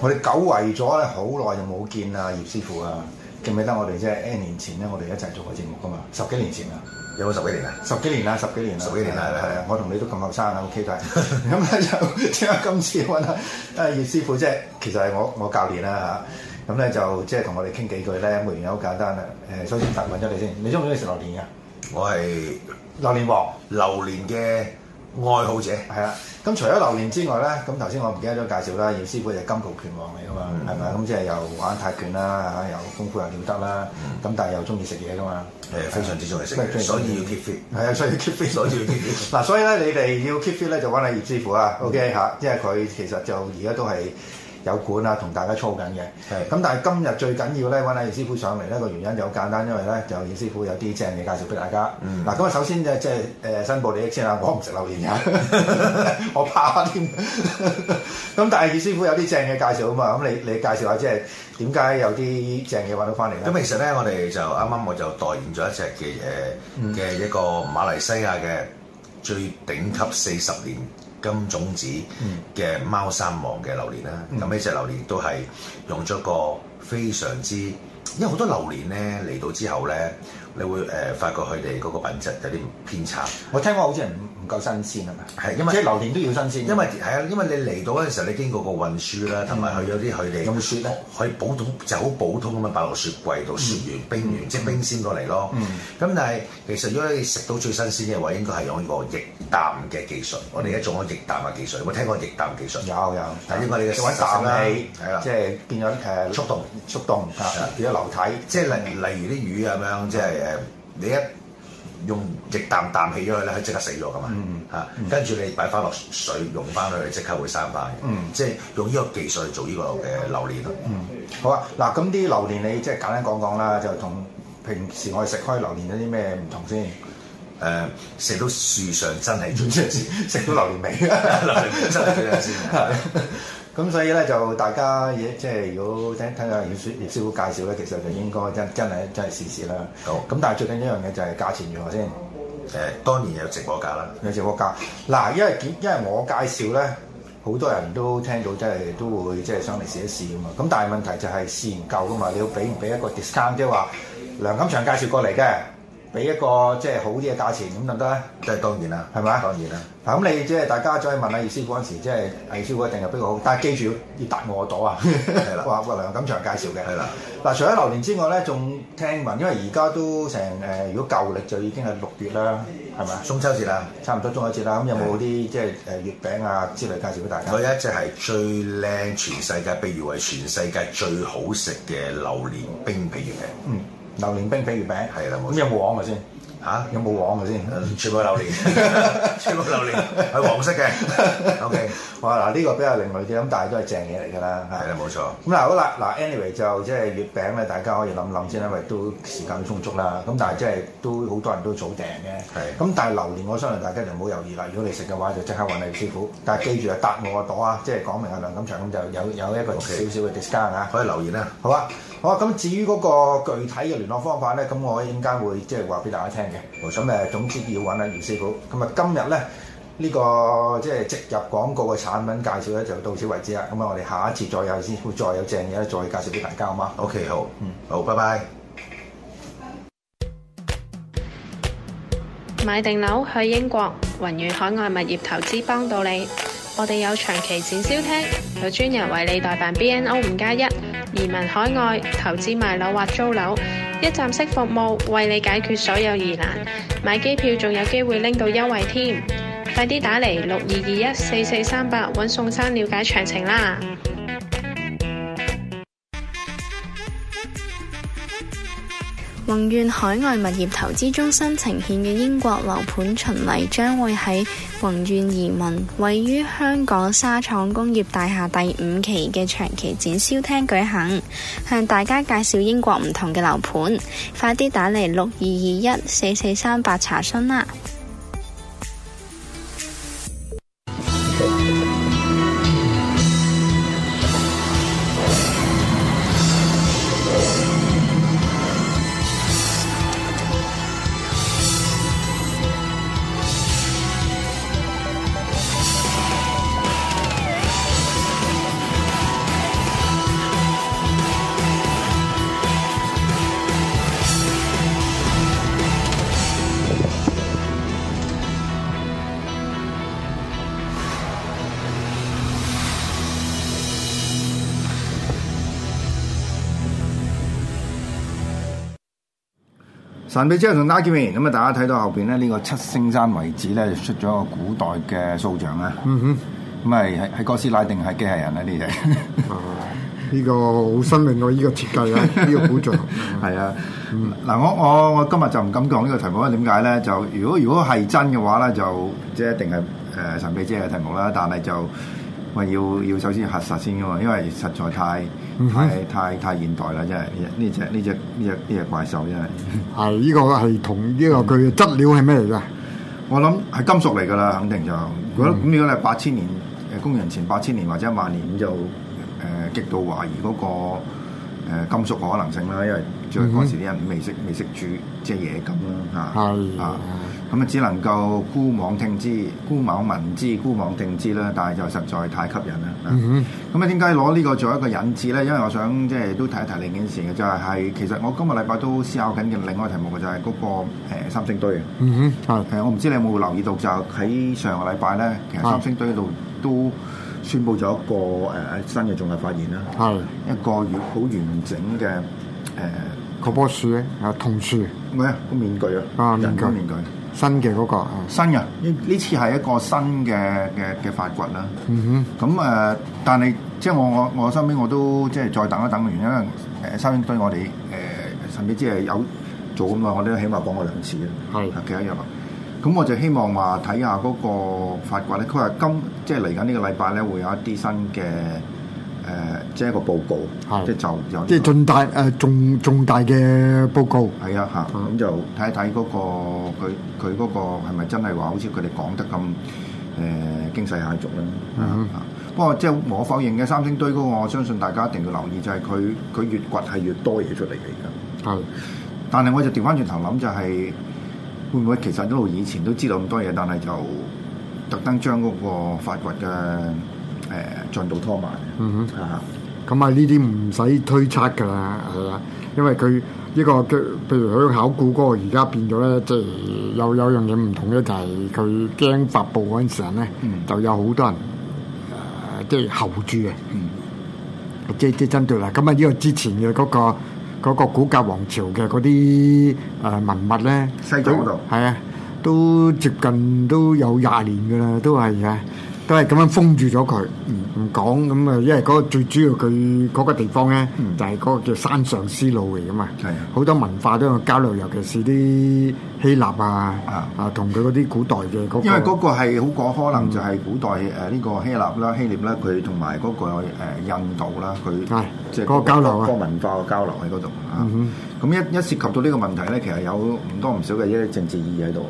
我哋久違咗咧，好耐就冇見啦，葉師傅啊，記唔記得我哋即係？N 年前咧，我哋一齊做過節目噶嘛，十幾年前啦，有冇十幾年啊？十幾年啦，十幾年啦，十幾年啦，係啊，我同你都咁後生啊，O K，都係，咁咧就即係今次揾阿葉師傅啫。其實係我我教練啦吓，咁、嗯、咧就即係同我哋傾幾句咧，冇原因好簡單啦。誒，首先問一問咗你先，你中唔中意食榴蓮噶？我係榴蓮王，榴蓮嘅愛好者係啦。咁除咗榴蓮之外咧，咁頭先我唔記得咗介紹啦，葉師傅就金屬拳王嚟噶嘛，係咪、嗯？咁即係又玩泰拳啦，嚇，又功夫又跳得啦，咁、嗯、但係又中意食嘢噶嘛，係非常之中意食，所以要 keep fit。係啊，所以 keep fit，所以要 keep fit。 嗱，所以咧，你哋要 keep fit 咧，就揾阿葉師傅啊。OK 吓、嗯，因為佢其實就而家都係。有管啊，同大家操緊嘅。咁是但係今日最緊要咧，揾阿葉師傅上嚟呢個原因就好簡單，因為咧就葉師傅有啲正嘅介紹俾大家。嗱、嗯，咁啊首先就即係誒，申報利益先啦。我唔食榴蓮嘅， 我怕添了。咁 但係葉師傅有啲正嘅介紹啊嘛。咁你你介紹下即係點解有啲正嘅揾到翻嚟咧？咁、嗯、其實咧，我哋就啱啱我就代言咗一隻嘅嘢，嘅、嗯、一個馬來西亞嘅最頂級四十年，金種子嘅貓山王嘅榴蓮啦，咁呢隻榴蓮都係用咗個非常之，因為好多榴蓮咧嚟到之後咧，你會誒、呃、發覺佢哋個品質有啲偏差。我聽過好似人。夠新鮮啊嘛，即係榴蓮都要新鮮，因為係啊，因為你嚟到嗰陣時候，你經過個運輸啦，同埋去咗啲佢哋。用雪咧，去保桶就好普通咁樣擺落雪櫃度，雪完冰完即係冰鮮過嚟咯。咁但係其實如果你食到最新鮮嘅話，應該係用呢個液氮嘅技術。我哋而家仲有液氮嘅技術，有冇聽過液氮技術？有有，但係因為你嘅冷氣，係啦，即係變咗誒速凍速凍，變咗流體，即係例例如啲魚咁樣，即係誒你一。用液氮氮起咗佢咧，即刻死咗噶嘛，嚇！跟住、嗯啊、你擺翻落水溶翻佢，即刻會生化，嗯，即係用呢個技術做呢個誒榴蓮咯、啊。嗯，好啊。嗱，咁啲榴蓮你即係簡單講講啦，就同平時我哋食開榴蓮有啲咩唔同先？誒、呃，食到樹上真係咁樣先，食到榴蓮味、啊、 榴蓮真係咁樣先。咁、嗯、所以咧就大家嘢即係如果聽聽下葉師葉師傅介紹咧，其實就應該真真係真係試試啦。好，咁但係最緊一樣嘢就係價錢，如何先？誒、呃，當然有直播價啦，有直播價。嗱，因為因為我介紹咧，好多人都聽到，即係都會即係上嚟試一試噶嘛。咁但係問題就係試唔夠噶嘛，你要俾唔俾一個 discount，即係話梁錦祥介紹過嚟嘅。.俾一個即係好啲嘅價錢咁得唔得咧？即係當然啦，係咪吧？當然啦。嗱咁你即係大家再問下葉師傅嗰陣時即，即係葉師傅一定係比較好。但係記住要大我，我朵啊！係 啦的，哇哇梁錦祥介紹嘅。係啦的。嗱，除咗榴蓮之外咧，仲聽聞，因為而家都成誒、呃，如果舊歷就已經係六月啦，係嘛？中秋節啦，差唔多中秋節啦。咁有冇啲即係誒月餅啊之類介紹俾大家？我有一隻係最靚全世界，被譽為全世界最好食嘅榴蓮冰皮月餅。嗯。榴蓮冰皮月餅係啦，咁有冇黃嘅先？嚇，有冇黃嘅先？全部係榴蓮，全部榴蓮係黃色嘅。OK，哇嗱，呢個比較另類啲，咁但係都係正嘢嚟㗎啦。係啦，冇錯。咁嗱，好啦，嗱，anyway 就即係月餅咧，大家可以諗諗先，因為都時間充足啦。咁但係即係都好多人都早訂嘅。係。咁但係榴蓮，我相信大家就唔好猶豫啦。如果你食嘅話，就即刻揾你師傅。但係記住啊，搭我個朵啊，即係講明阿梁錦祥咁就有有一個少少嘅 discount 啊，可以留言啊，好啊。好啊！咁至於嗰個具體嘅聯絡方法呢，咁我一陣間會即係話俾大家聽嘅。咁誒總之要揾阿姚師傅。咁啊今日呢，呢個即係植入廣告嘅產品介紹呢，就到此為止啦。咁啊我哋下一次再有先，會再有正嘢咧再介紹俾大家好嘛。OK，好，嗯，好，拜拜。買定樓去英國，環宇海外物業投資幫到你。我哋有長期展銷廳，有專人為你代辦 BNO 五加一移民海外、投資賣樓或租樓，一站式服務為你解決所有疑難。買機票仲有機會拎到優惠添，快啲打嚟六二二一四四三八揾宋生了解詳情啦！宏願海外物業投資中心呈現嘅英國樓盤巡禮將會喺宏願移民位於香港沙廠工業大廈第五期嘅長期展銷廳舉行，向大家介紹英國唔同嘅樓盤，快啲打嚟六二二一四四三八查詢啦！神秘之夜同你見面咁啊！大家睇到後邊咧，呢、這個七星山遺址咧，出咗個古代嘅塑像啊！嗯哼，咁係喺哥斯拉定係機械人咧呢嘢？呢 個好新穎咯！呢、這個設計、這個、 啊，呢個好像係啊。嗱，我我我今日就唔敢講呢個題目，因為點解咧？就如果如果係真嘅話咧，就即係一定係誒、呃、神秘之夜嘅題目啦。但係就喂，要要首先核實先噶嘛，因為實在太～太太太現代啦，真係呢隻呢隻呢隻呢隻怪獸真係。係呢、 啊，這個係同呢、這個佢嘅質料係咩嚟噶？我諗係金屬嚟噶啦，肯定就。如果咁如果你係八千年誒公元前八千年或者萬年就，就、呃、誒極度懷疑嗰、那個、呃、金屬可能性啦，因為嗰陣時啲人未識未識煮即係嘢咁啦吓。係、嗯、哼啊。是啊啊咁啊，只能夠姑妄聽之、姑妄聞之、姑妄聽之啦，但係就實在太吸引啦。咁、嗯、哼啊，點解攞呢個做一個引子咧？因為我想即係都提一提另一提件事嘅，就係、是、其實我今日禮拜都思考緊嘅另外一個題目嘅，就係、是、嗰、那個、呃、三星堆。嗯哼，係、啊。我唔知你有冇留意到，就喺上個禮拜咧，其實三星堆嗰度都宣佈咗一個誒、呃、新嘅重大發現啦。係、嗯、哼一個好完整嘅誒嗰棵樹啊，銅、呃、樹。咩啊？個面具啊，人嘅、嗯、面具。新嘅嗰、那個，嗯、新嘅呢次係一個新嘅嘅嘅發掘啦。嗯哼，咁誒、呃，但係即係我我我身邊我都即係再等一等原因，誒，身邊對我哋誒、呃、甚至即係有做咁耐，我哋都起碼講過兩次啦。係幾一樣啊？咁我就希望話睇下嗰個發掘咧，佢話今即係嚟緊呢個禮拜咧會有一啲新嘅。誒、呃，即係一個報告，的即係就即係重大誒重重大嘅報告。係啊，嚇咁、嗯、就睇一睇嗰個佢佢嗰個係咪真係話好似佢哋講得咁誒驚世駭俗咧？嚇、呃！嗯、不過即係無可否認嘅，三星堆嗰、那個我相信大家一定要留意就，就係佢佢越掘係越多嘢出嚟嚟㗎。係的，但係我就調返轉頭諗就係會唔會其實一路以前都知道咁多嘢，但係就特登將嗰個發掘嘅。誒進度拖埋，嗯哼，啊哈，咁啊呢啲唔使推測噶啦，係啦，因為佢呢個嘅，譬如佢考古嗰個，而家變咗咧，即係有有樣嘢唔同咧，就係佢驚發布嗰陣時陣咧，就有好多人誒，即係候住嘅，嗯，即即針對啦。咁啊，呢個之前嘅嗰個古格王朝嘅嗰啲誒文物咧，西藏度，係啊，都接近都有廿年噶啦，都係啊。都係咁樣封住咗佢，唔講咁啊！因為嗰個最主要佢嗰個地方咧，就係嗰個叫山上絲路嚟噶嘛，好多文化都有交流，尤其是啲希臘啊啊，同佢嗰啲古代嘅嗰個。因為嗰個係好有可能就係古代誒呢個希臘啦、希臘啦，佢同埋嗰個誒印度啦，佢即係個交流啊，個文化嘅交流喺嗰度啊。咁一一涉及到呢個問題咧，其實有唔多唔少嘅一啲政治意義喺度，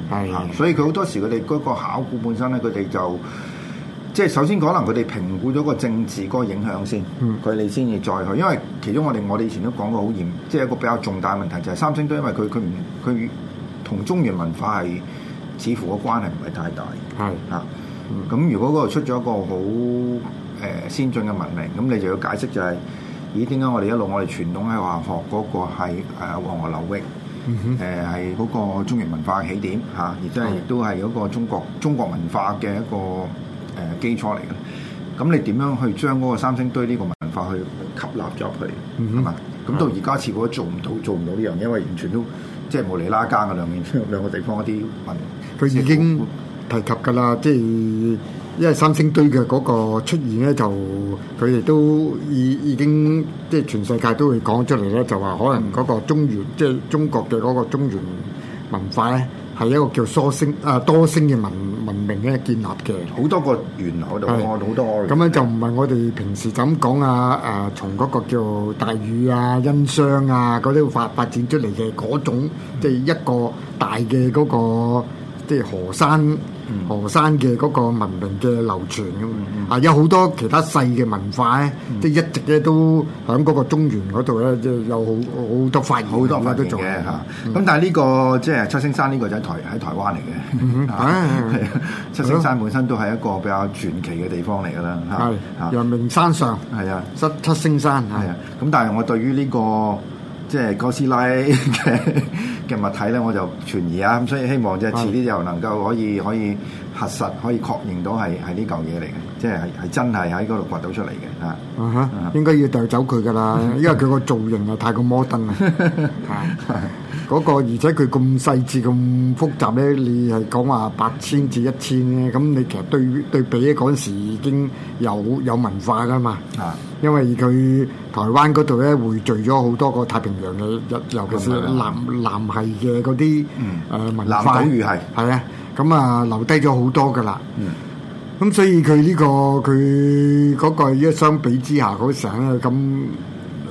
所以佢好多時佢哋嗰個考古本身咧，佢哋就。即係首先，可能佢哋評估咗個政治嗰個影響先，佢哋先至再去。因為其中我哋我哋以前都講過好嚴，即、就、係、是、一個比較重大問題就係三星堆。因為佢佢唔佢同中原文化係似乎個關係唔係太大。係啊是，咁、嗯嗯嗯、如果嗰度出咗一個好誒、呃、先進嘅文明，咁你就要解釋就係、是：咦，點解我哋一路我哋傳統喺話學嗰個係誒、啊、黃河流域誒係嗰個中原文化嘅起點嚇，而即係亦都係嗰個中國中國文化嘅一個。誒、呃、基礎嚟嘅，咁你點樣去將嗰個三星堆呢個文化去吸納咗入去？咁啊、嗯哼，咁到而家似乎做唔到，做唔到呢樣嘢，因為完全都即係無離拉更嘅兩面兩個地方一啲文化。佢已經提及㗎啦，即係因為三星堆嘅嗰個出現咧，就佢哋都已已經即係全世界都會講出嚟咧，就話可能嗰個中原、嗯、即係中國嘅嗰個中原文化咧。係一個叫梳星、呃、多星啊多星嘅文文明咧，建立嘅，好多個源流喺度，好是多，咁樣就唔係我哋平時咁講啊，誒、呃，從嗰個叫大禹啊、殷商啊嗰啲發發展出嚟嘅嗰種，嗯、即係一個大嘅嗰、嗰個。即係河山，河山嘅嗰個文明嘅流傳咁、嗯嗯、啊，有好多其他細嘅文化咧，嗯、即係一直咧都響嗰個中原嗰度咧，即係有好好多發好多發都做嘅嚇。咁、嗯、但係呢、這個即係、就是、七星山呢個就喺台喺台灣嚟嘅。嗯、哼啊，是七星山本身都係一個比較傳奇嘅地方嚟㗎啦。係啊，陽明山上係啊，七七星山係啊。咁但係我對於呢、這個。即係哥斯拉嘅嘅 物體咧，我就存疑啊！咁所以希望即係遲啲又能夠可以可以核實，可以確認到係係呢嚿嘢嚟嘅，即係係係真係喺嗰度掘到出嚟嘅嚇。啊嚇哈，啊應該要掉走佢噶啦， 因為佢個造型又太過摩登啦。嗰個，而且佢咁細緻、咁複雜咧，你係講話八千至一千咧，咁你其實對對比嗰陣時已經有有文化噶嘛？啊的，因為佢台灣嗰度咧，匯聚咗好多個太平洋嘅，尤其是南南的系嘅嗰啲嗯、呃，文化南島語系係啊，咁啊留低咗好多噶啦，嗯，咁所以佢呢、呢個佢嗰個一相比之下嗰陣咧，咁。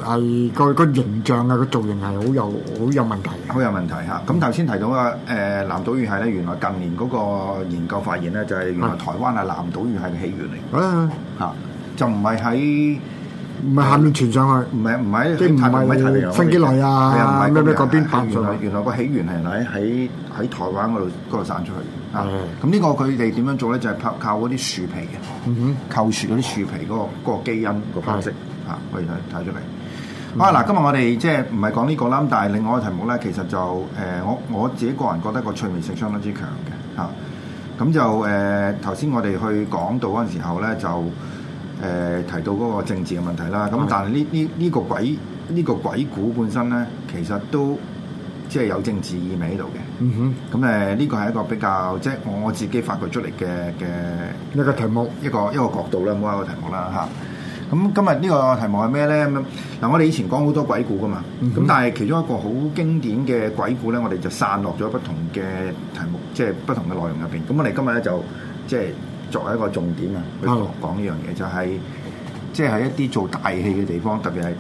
係個個形象啊，個造型係好有好有問題，好有問題嚇。咁頭先提到啊，誒南島語系咧，原來近年嗰個研究發現咧，就係原來台灣啊南島語系嘅起源嚟。嚇，就唔係喺唔係下面傳上去，唔係唔喺即唔係唔喺新幾內亞，係啊，唔係咩咩嗰邊拍出嚟。原來個起源係喺喺喺台灣嗰度嗰度散出去。啊，咁呢個佢哋點樣做咧？就係靠靠嗰啲樹皮嘅，嗯哼，靠樹啲樹皮嗰個基因分析嚇，我哋睇睇出嚟。啊嗱，嗯、今日我哋即係唔係講呢個啦，但係另外個題目咧，其實就誒我我自己個人覺得個趣味性相當之強嘅嚇。咁、啊、就誒頭先我哋去講到嗰陣時候咧，就誒、呃、提到嗰個政治嘅問題啦。咁、啊、但係呢呢呢個鬼呢、呢個鬼故本身咧，其實都即係、就是、有政治意味喺度嘅。嗯、哼。咁誒呢個係一個比較即係、就是、我自己發掘出嚟嘅嘅一個題目，一個一個角度啦，冇一個題目啦嚇。啊咁今日呢個題目係咩咧？咁嗱，我哋以前講好多鬼故㗎嘛，咁、mm hmm. 但係其中一個好經典嘅鬼故咧，我哋就散落咗不同嘅題目，即係不同嘅內容入邊。咁我哋今日咧就即係作為一個重點啊，mm hmm. 去落講呢樣嘢，就係即係係一啲做大戲嘅地方，特別係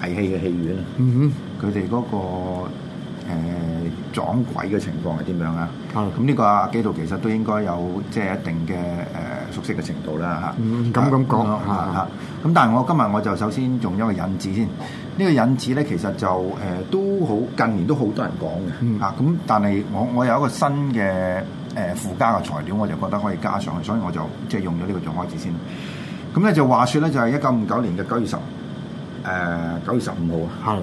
大戲嘅戲院，佢哋嗰個。誒、呃、撞鬼嘅情況係點樣啊？咁呢、嗯，呢個阿紀陶其實都應該有即係一定嘅誒、呃、熟悉嘅程度啦嚇。咁咁講嚇嚇。咁但係我今日我就首先用咗個引子先。呢、呢個引子咧其實就誒都好近年都好多人講嘅嚇。咁、嗯啊、但係我我有一個新嘅誒、呃、附加嘅材料，我就覺得可以加上去，所以我就即係用咗呢個做開始先。咁、嗯、咧就話說咧就係一九五九年嘅九月十誒九月十五號啊。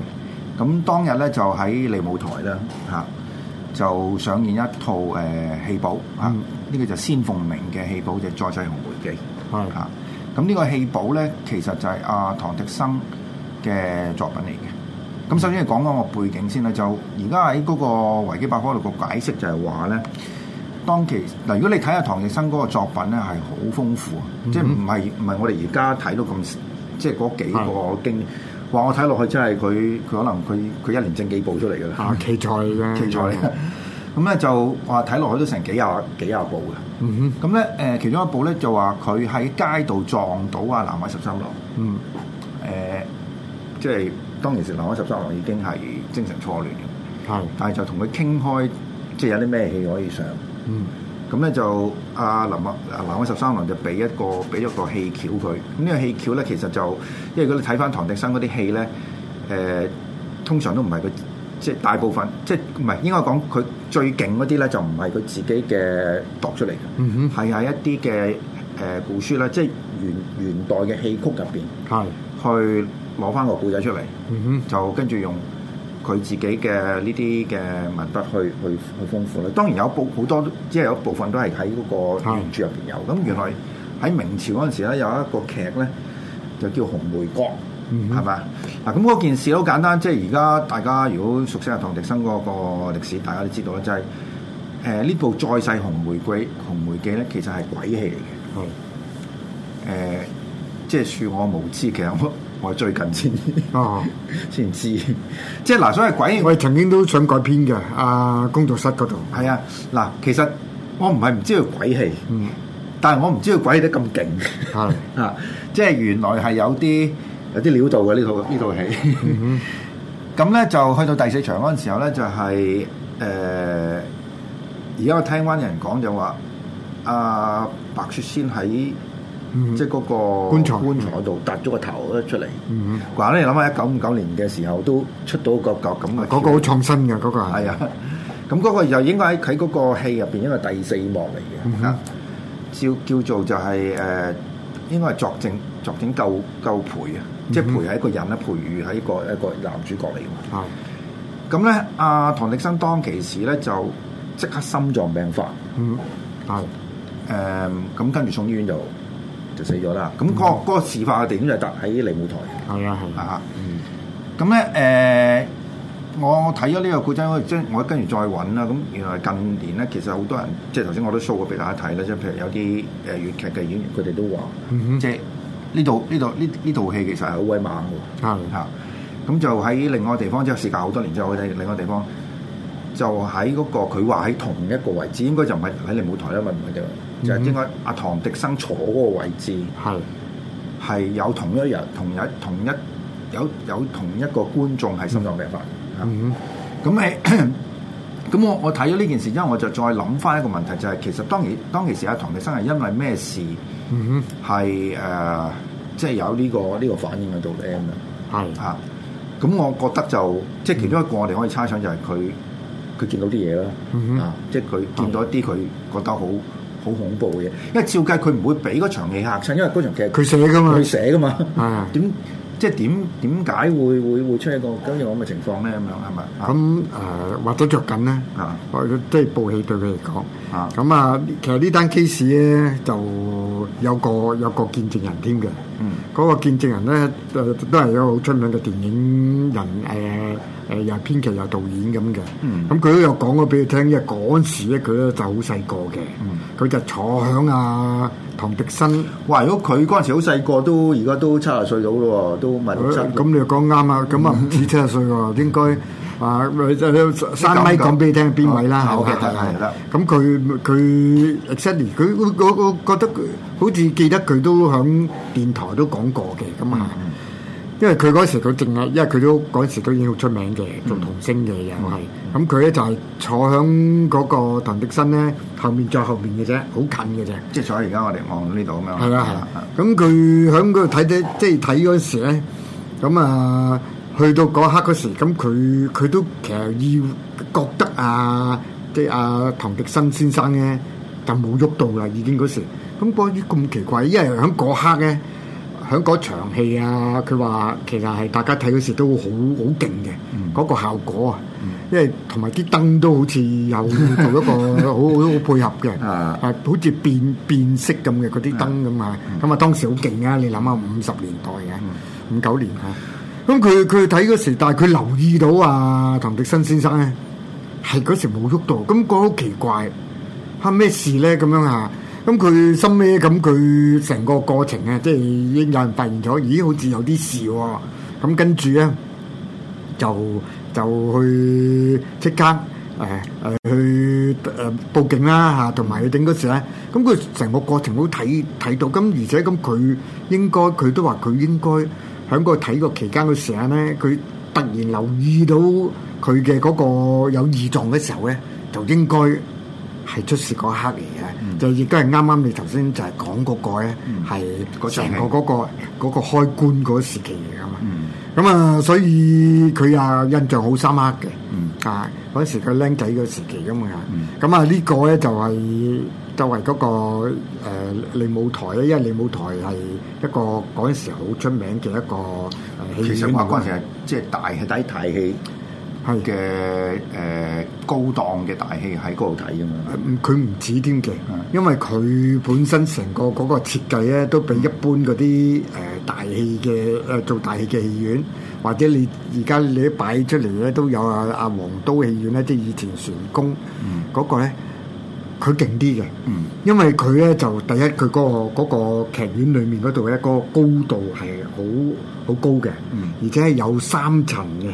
咁當日咧就喺利舞台啦，嚇、啊、就上演一套誒、呃、戲寶，嚇呢個就仙鳳鳴嘅戲寶，就、啊《再世紅梅記》，嚇咁呢個戲寶咧，其實就係、是、阿、啊、唐滌生嘅作品嚟嘅。咁、啊、首先講講個背景先啦，就而家喺嗰個維基百科度個解釋就係話咧，當其嗱、啊、如果你睇下唐滌生嗰個作品咧係好豐富，嗯、即係唔係唔係我哋而家睇到咁，嗯、即係嗰幾個經。嗯話我睇落去真係佢佢，可能佢佢一年正幾部出嚟㗎啦，嚇，奇才嘅奇才。咁咧，就話睇落去都成幾廿幾廿部嘅。咁咧，誒其中一部咧，就話佢喺街度撞到啊，南海十三郎。嗯誒、嗯、即係當其時南海十三郎已經係精神錯亂係，是但係就同佢傾開，即係有啲咩戲可以上嗯。咁咧、嗯、就阿林啊，南海、啊、十三郎就俾一個俾咗個戲橋佢。咁、嗯、呢、這個戲橋咧，其實就因為佢哋睇翻唐滌生嗰啲戲咧，誒、呃、通常都唔係佢即係大部分，即係唔係應該講佢最勁嗰啲咧，就唔係佢自己嘅度出嚟。嗯哼，係喺一啲嘅誒古書咧，即係元元代嘅戲曲入邊，係的去攞翻個故仔出嚟。嗯、哼，就跟住用。佢自己嘅呢啲嘅文筆去去去豐富咧，當然有部好多，即係有部分都係喺嗰個原著入邊有。咁、嗯、原來喺明朝嗰陣時咧，有一個劇咧就叫《紅梅記》吧，係咪啊？嗱，咁嗰件事好簡單，即係而家大家如果熟悉阿唐滌生嗰個歷史，大家都知道啦，就係誒呢部《再世紅玫瑰》《紅梅記》咧，其實係鬼戲嚟嘅。係誒、嗯呃，即係恕我無知，其實。我最近先哦，先知，即係嗱，所謂鬼我哋曾經都想改編嘅，阿、啊、工作室嗰度。係啊，嗱，其實我唔係唔知道鬼戲，mm. 但係我唔知道鬼戲得咁勁，啊啊，即係原來係有啲、mm. 有啲料到嘅呢套呢套戲。咁咧就去到第四場嗰陣時候咧，就係、是、誒，而家我聽翻人講就話，阿、啊、白雪仙喺。嗯、即係嗰個棺材，棺材度突咗個頭出嚟。嗱、嗯哼，你諗下一九五九年嘅時候都出到個樣個咁啊，嗰、那個好創新嘅嗰個係啊。咁嗰個又應該喺嗰個戲入邊，因為第四幕嚟嘅吓，叫、嗯哼啊、叫做就係、是、誒、呃，應該係作證作證救救培啊，即係培喺一個人咧，培育係個一個，一個男主角嚟嘅嘛。咁咧、啊、阿、嗯啊、唐力生當其時咧就即刻心臟病發、嗯。嗯，係、嗯、誒、咁、嗯、跟住送醫院就，就，就。就死咗啦！咁嗰嗰個事發嘅地點就係搭喺利舞台。係啊，係啊。嚇、嗯，咁咧誒，我我睇咗呢個故仔，我即係我跟住再揾啦。咁原來近年咧，其實好多人，即係頭先我都 show 過俾大家睇啦。即、就、係、是、譬如有啲誒粵劇嘅演員，佢哋都話，即係呢套呢套呢呢套戲其實係好威猛嘅。係咁、啊啊、就喺另外地方，即、就、係、是、時隔好多年之後，睇另外地方就喺嗰、那個佢話喺同一個位置，應該就唔係喺利舞台啦，咪唔係啫？就係應該阿唐迪生坐嗰個位置，嗯，係係有同一日、同一同一有有同一個觀眾係心臟病發。咁咪咁我我睇咗呢件事，之後我就再諗翻一個問題，就係、是、其實當然當其時阿唐迪生係因為咩事，係誒即係有呢、呢個呢、呢個反應喺度咧。係嚇、嗯，咁、嗯嗯、我覺得就即係其中一個我哋可以猜想就係佢佢見到啲嘢啦，即係佢見到一啲佢、嗯嗯嗯嗯啊、覺得好。好恐怖嘅嘢，因為照計佢唔會俾嗰場戲嚇親，因為嗰場劇佢寫噶嘛，佢寫噶嘛。嗯，點即係點點解會會會出一個咁樣咁嘅情況咧？咁樣係咪？咁誒，或者著緊咧，啊，即係部戲對佢嚟講。啊，咁啊，其實呢單 case 咧就有個有個見證人添嘅。嗯，嗰個見證人咧誒都係一個好出名嘅電影人誒。誒又編劇又導演咁嘅，咁佢都有講過俾佢聽。因為嗰陣時咧，佢咧就好細個嘅，佢就坐響啊唐迪生。喂，如果佢嗰陣時好細個，都而家都七十歲到咯，都唔出。咁你又講啱啊，咁啊唔止七十歲喎，應該啊，三米講俾你聽，邊位啦嚇？好嘅，係啦。咁佢佢 exactly 佢我覺得佢好似記得佢都響電台都講過嘅，咁啊。因為佢嗰時佢正啊，因為佢都嗰時都已經好出名嘅，做童星嘅又係，咁佢咧就係坐喺嗰個唐滌生咧後面再後面嘅啫，好近嘅啫。即係坐喺而家我哋望呢度咁樣。係啊係啊，咁佢喺嗰度睇睇即係睇嗰時咧，咁啊去到嗰刻嗰時，咁佢佢都其實要覺得啊，即係阿唐滌生先生咧就冇喐到啦，已經嗰時。咁關於咁奇怪，因為喺嗰刻咧。喺嗰場戲啊，佢話其實係大家睇嗰時都好好勁嘅，嗰個效果啊，因為同埋啲燈都好似有做一個好好好配合嘅，啊，好似變變色咁嘅嗰啲燈咁啊，咁啊當時好勁啊！你諗下五十年代嘅五九年嚇，咁佢佢睇嗰時，但係佢留意到啊，唐迪生先生咧係嗰時冇喐到，咁覺得好奇怪，係咩事咧咁樣啊？咁佢心尾？咁佢成個過程咧，即係已經有人發現咗，咦？好似有啲事喎。咁跟住咧，就就去即刻誒誒去誒報警啦嚇，同埋去頂嗰時咧。咁佢成個過程都睇睇到。咁而且咁佢應該佢都話佢應該喺個睇個期間嘅時間咧，佢突然留意到佢嘅嗰個有異狀嘅時候咧，就應該。係出事嗰一刻嚟嘅，就亦都係啱啱你頭先就係講嗰個咧，係、嗯嗰個成天、嗰個嗰個嗰個開棺嗰時期嚟噶嘛。咁啊、嗯，所以佢啊印象好深刻嘅。嗯、啊，嗰時佢僆仔嘅時期噶嘛。咁啊、嗯，呢個咧就係作為嗰個誒利舞、呃、台咧，因為利舞台係一個嗰陣時好出名嘅一個戲院嚟嘅。即係大係大戲。係嘅，誒、呃、高檔嘅大戲喺嗰度睇㗎嘛。佢唔止添嘅，因為佢本身成個嗰個設計咧，都比一般嗰啲誒大戲嘅誒做大戲嘅戲院，或者你而家你擺出嚟咧，都有阿阿皇都戲院咧，即係以前璇宮嗰個咧，佢勁啲嘅。嗯，嗯因為佢咧就第一，佢嗰、嗰個嗰、嗰個劇院裏面嗰度嘅一個高度係好好高嘅，嗯，而且有三層嘅。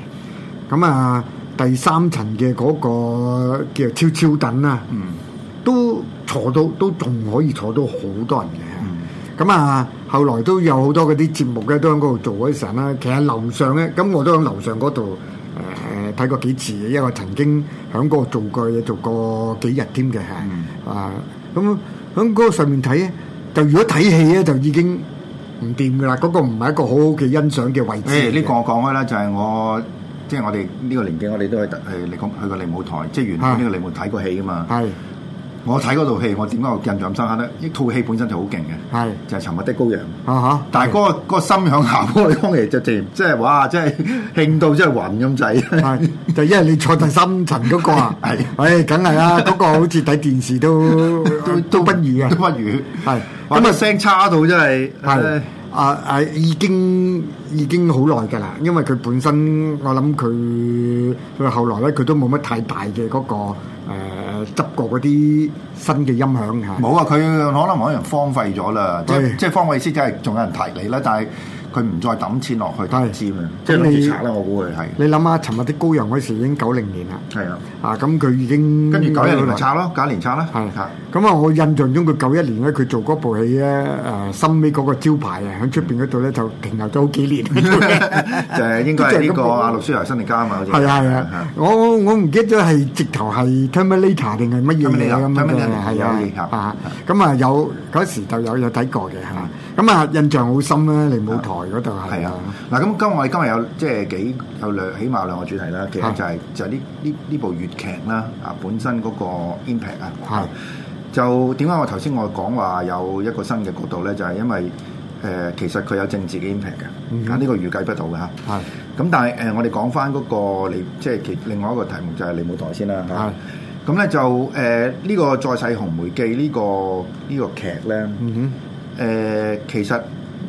咁啊，第三層嘅嗰個叫超超等啦，嗯、都坐到都仲可以坐到好多人嘅。咁啊、嗯嗯，後來都有好多嗰啲節目嘅都喺嗰度做嗰陣啦。其實喺樓上咧，咁我都喺樓上嗰度誒睇過幾次，因為我曾經響嗰度做過嘢做過幾日添嘅嚇。嗯、啊，咁響嗰上面睇咧，就如果睇戲咧，就已經唔掂噶啦。嗰、那個唔係一個好好嘅欣賞嘅位置。誒、欸，呢、這個我講開啦，就係我。即係我哋呢個年紀，我哋都係誒嚟講去過利舞台，即係原本呢個利舞睇過戲噶嘛。係，我睇嗰套戲，我點解我印象深刻咧？依套戲本身就好勁嘅，係就係沉默的羔羊。但係嗰個心向下，嗰個當年就直即係哇，即係興到真係暈咁滯。就因為你坐第三層嗰個啊，係，梗係啦，嗰個好似睇電視都都都不如啊，都不如。係咁啊，聲差到真係係。啊啊！已經已經好耐㗎啦，因為佢本身我諗佢佢後來咧佢都冇乜太大嘅嗰、嗰個誒執、呃、過嗰啲新嘅音響嚇。冇啊！佢可能可能荒廢咗啦，即係即係荒廢意思，即係仲有人提你啦，但係。佢唔再抌錢落去，都係知。即係落住拆啦，我估佢係。你諗下，尋日啲高人嗰時已經九零年啦。係啊！啊咁佢已經跟住九一年拆咯，九零拆啦。係係。咁啊，我印象中佢九一年咧，佢做嗰部戲咧，誒，收尾嗰個招牌啊，喺出邊嗰度咧就停留咗好幾年。就係應該係呢個啊，陸書豪新定家啊嘛，好似係啊，係啊！我我唔記得咗係直頭係 Terminator 定係乜嘢 Terminator 啊，咁啊有嗰時就有有睇過嘅係嘛？咁啊，印象好深咧，利舞台嗰度係啊。嗱，咁今日我哋今日有即係幾有兩，起碼兩個主題啦。其實就係、是、是的 就係呢呢呢部粵劇啦。啊，本身嗰個 impact 啊，係就點解我頭先我講話有一個新嘅角度咧？就係、是、因為誒、呃，其實佢有政治嘅 impact 嘅、嗯哼 啊，啊、這、呢個預計不到嘅吓。係咁是的、嗯，但係誒、呃，我哋講翻嗰個利，即係其另外一個題目就係、是、利舞台先啦。係咁咧，是的 嗯嗯、就誒呢、呃這個《再世紅梅記》呢個呢個劇咧。嗯誒、呃，其實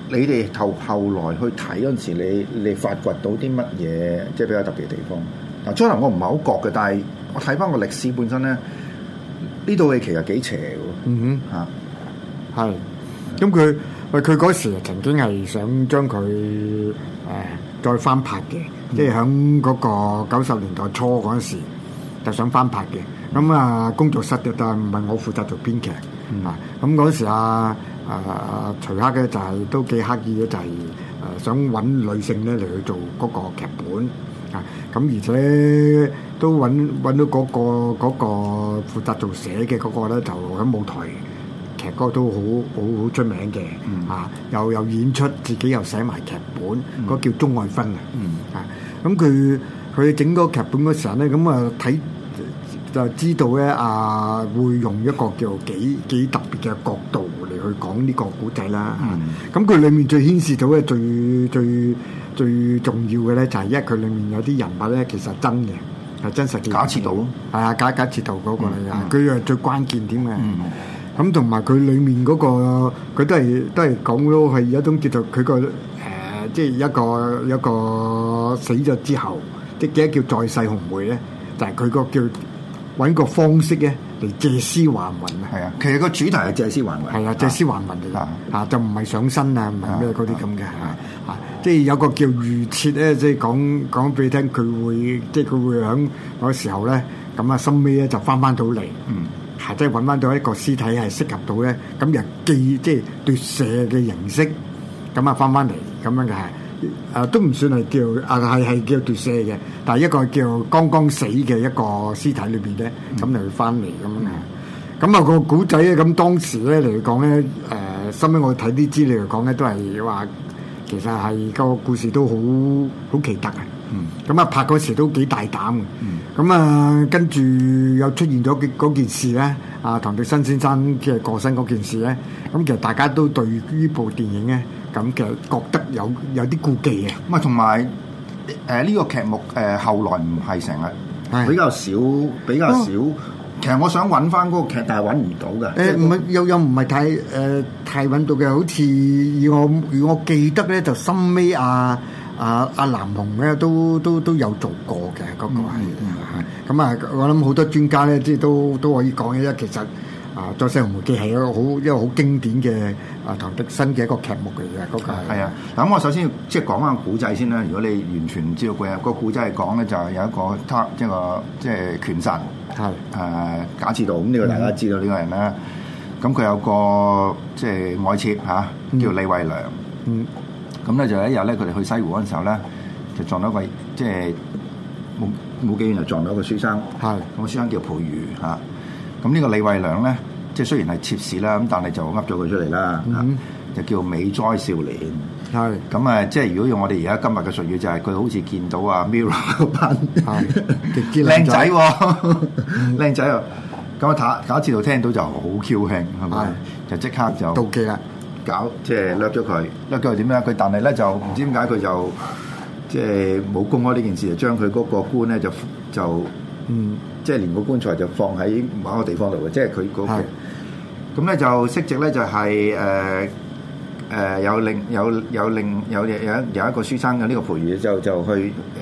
你哋後後來去睇嗰陣時，你你發掘到啲乜嘢，即係比較特別嘅地方。嗱，可能我唔係好覺嘅，但係我睇翻個歷史本身咧，呢套戲其實幾邪喎。嗯哼，嚇，係。咁佢，佢嗰時曾經係想將佢誒、啊、再翻拍嘅，嗯、即係喺嗰個九十年代初嗰陣時，就想翻拍嘅。咁啊，工作室嘅但係唔係我負責做編劇、嗯、啊。咁嗰時啊。誒徐克嘅就係都幾刻意嘅，就係、是、誒、呃、想揾女性咧嚟去做嗰個劇本啊！咁而且都揾揾到嗰、那個嗰、那個負責做寫嘅嗰個咧，就喺舞台劇歌都好好好出名嘅，嚇、啊！又有演出自己又寫埋劇本，嗰、嗯、叫鍾愛芬啊！嚇、嗯！咁佢佢整嗰劇本嗰陣咧，咁啊睇。就知道咧，阿、啊、會用一個叫做幾幾特別嘅角度嚟去講呢個古仔啦。咁佢裏面最牽涉到嘅最最最重要嘅咧，就係因為佢裏面有啲人物咧，其實真嘅係真實嘅。假設到，係啊，假假設到嗰個嚟嘅，佢又、嗯嗯啊、最關鍵點嘅。咁同埋佢裏面嗰、那個，佢都係都係講都係一種叫做佢個誒，即係一個一個,一個死咗之後，即記得叫,叫再世紅梅咧，就係佢個叫。叫叫叫揾個方式咧嚟借屍還魂啊！係啊，其實個主題係借屍還魂，係啊，借屍還魂嘅啦，嚇、啊啊、就唔係上身啊，唔係咩嗰啲咁嘅嚇，即係有個叫預設咧，即係講講俾你聽，佢會即係佢會響嗰時候咧，咁啊深尾咧就翻翻到嚟，嗯，係、啊、即係揾翻到一個屍體係適合到咧，咁又既，即係奪舍嘅形式，咁啊翻翻嚟，咁樣嘅係。誒都唔算係叫誒係係叫奪舍嘅，但係一個叫剛剛死嘅一個屍體裏邊咧，咁就去翻嚟咁啊！咁啊、嗯嗯那個古仔咧，咁當時咧嚟講咧，誒、呃，後屘我睇啲資料嚟講咧，都係話其實係個故事都好好奇特啊、嗯嗯。嗯。咁啊拍嗰時都幾大膽嘅、嗯嗯。嗯。咁啊跟住又出現咗嗰件事咧，啊唐迪新先生嘅過身嗰件事咧，咁、嗯、其實大家都對於部電影咧。咁嘅覺得有有啲顧忌啊！咪同埋誒呢個劇目誒、呃、後來唔係成日比，比較少比較少。啊、其實我想揾翻嗰個劇，但係揾唔到嘅。誒唔係又又唔係太誒、呃、太揾到嘅。好似以我以我記得咧，就深尾啊、阿阿南紅咧都都都有做過嘅嗰，嗰個係，咁啊、嗯嗯，我諗好多專家咧，即係都都可以講嘅。其實。啊！《再世紅梅記》係一個好一個好經典嘅啊，唐滌生嘅一個劇目嚟嘅嗰個。係啊，嗱咁我首先即係講翻古仔先啦。如果你完全唔知道佢，個古仔係講咧，就係有一個他一個即係權臣，係賈似道。咁呢個大家知道呢個人啦。咁佢有個即係愛妾嚇，叫李慧娘。嗯。咁咧就有一日咧，佢哋去西湖嗰陣時候咧，就撞到一個即係冇冇幾遠就撞到一個書生。咁個書生叫裴禹。嚇。咁呢個李慧良咧，即係雖然係妾事啦，咁但係就噏咗佢出嚟啦，就叫美哉少年。係咁啊，即係如果用我哋而家今日嘅術語，就係佢好似見到阿 Mirror 嗰班靚仔，靚仔啊！咁啊，打第一次度聽到就好飄輕，係咪？就即刻就妒忌啦，搞即係甩咗佢，甩咗佢點咧？佢但係咧就唔知點解佢就即係冇公開呢件事，就將佢嗰個官咧就就。嗯，即係連個棺材就放喺某個地方度嘅，即係佢嗰期。咁咧就，色值咧就係誒誒有另有有另有有有一一個書生嘅呢個陪魚就就去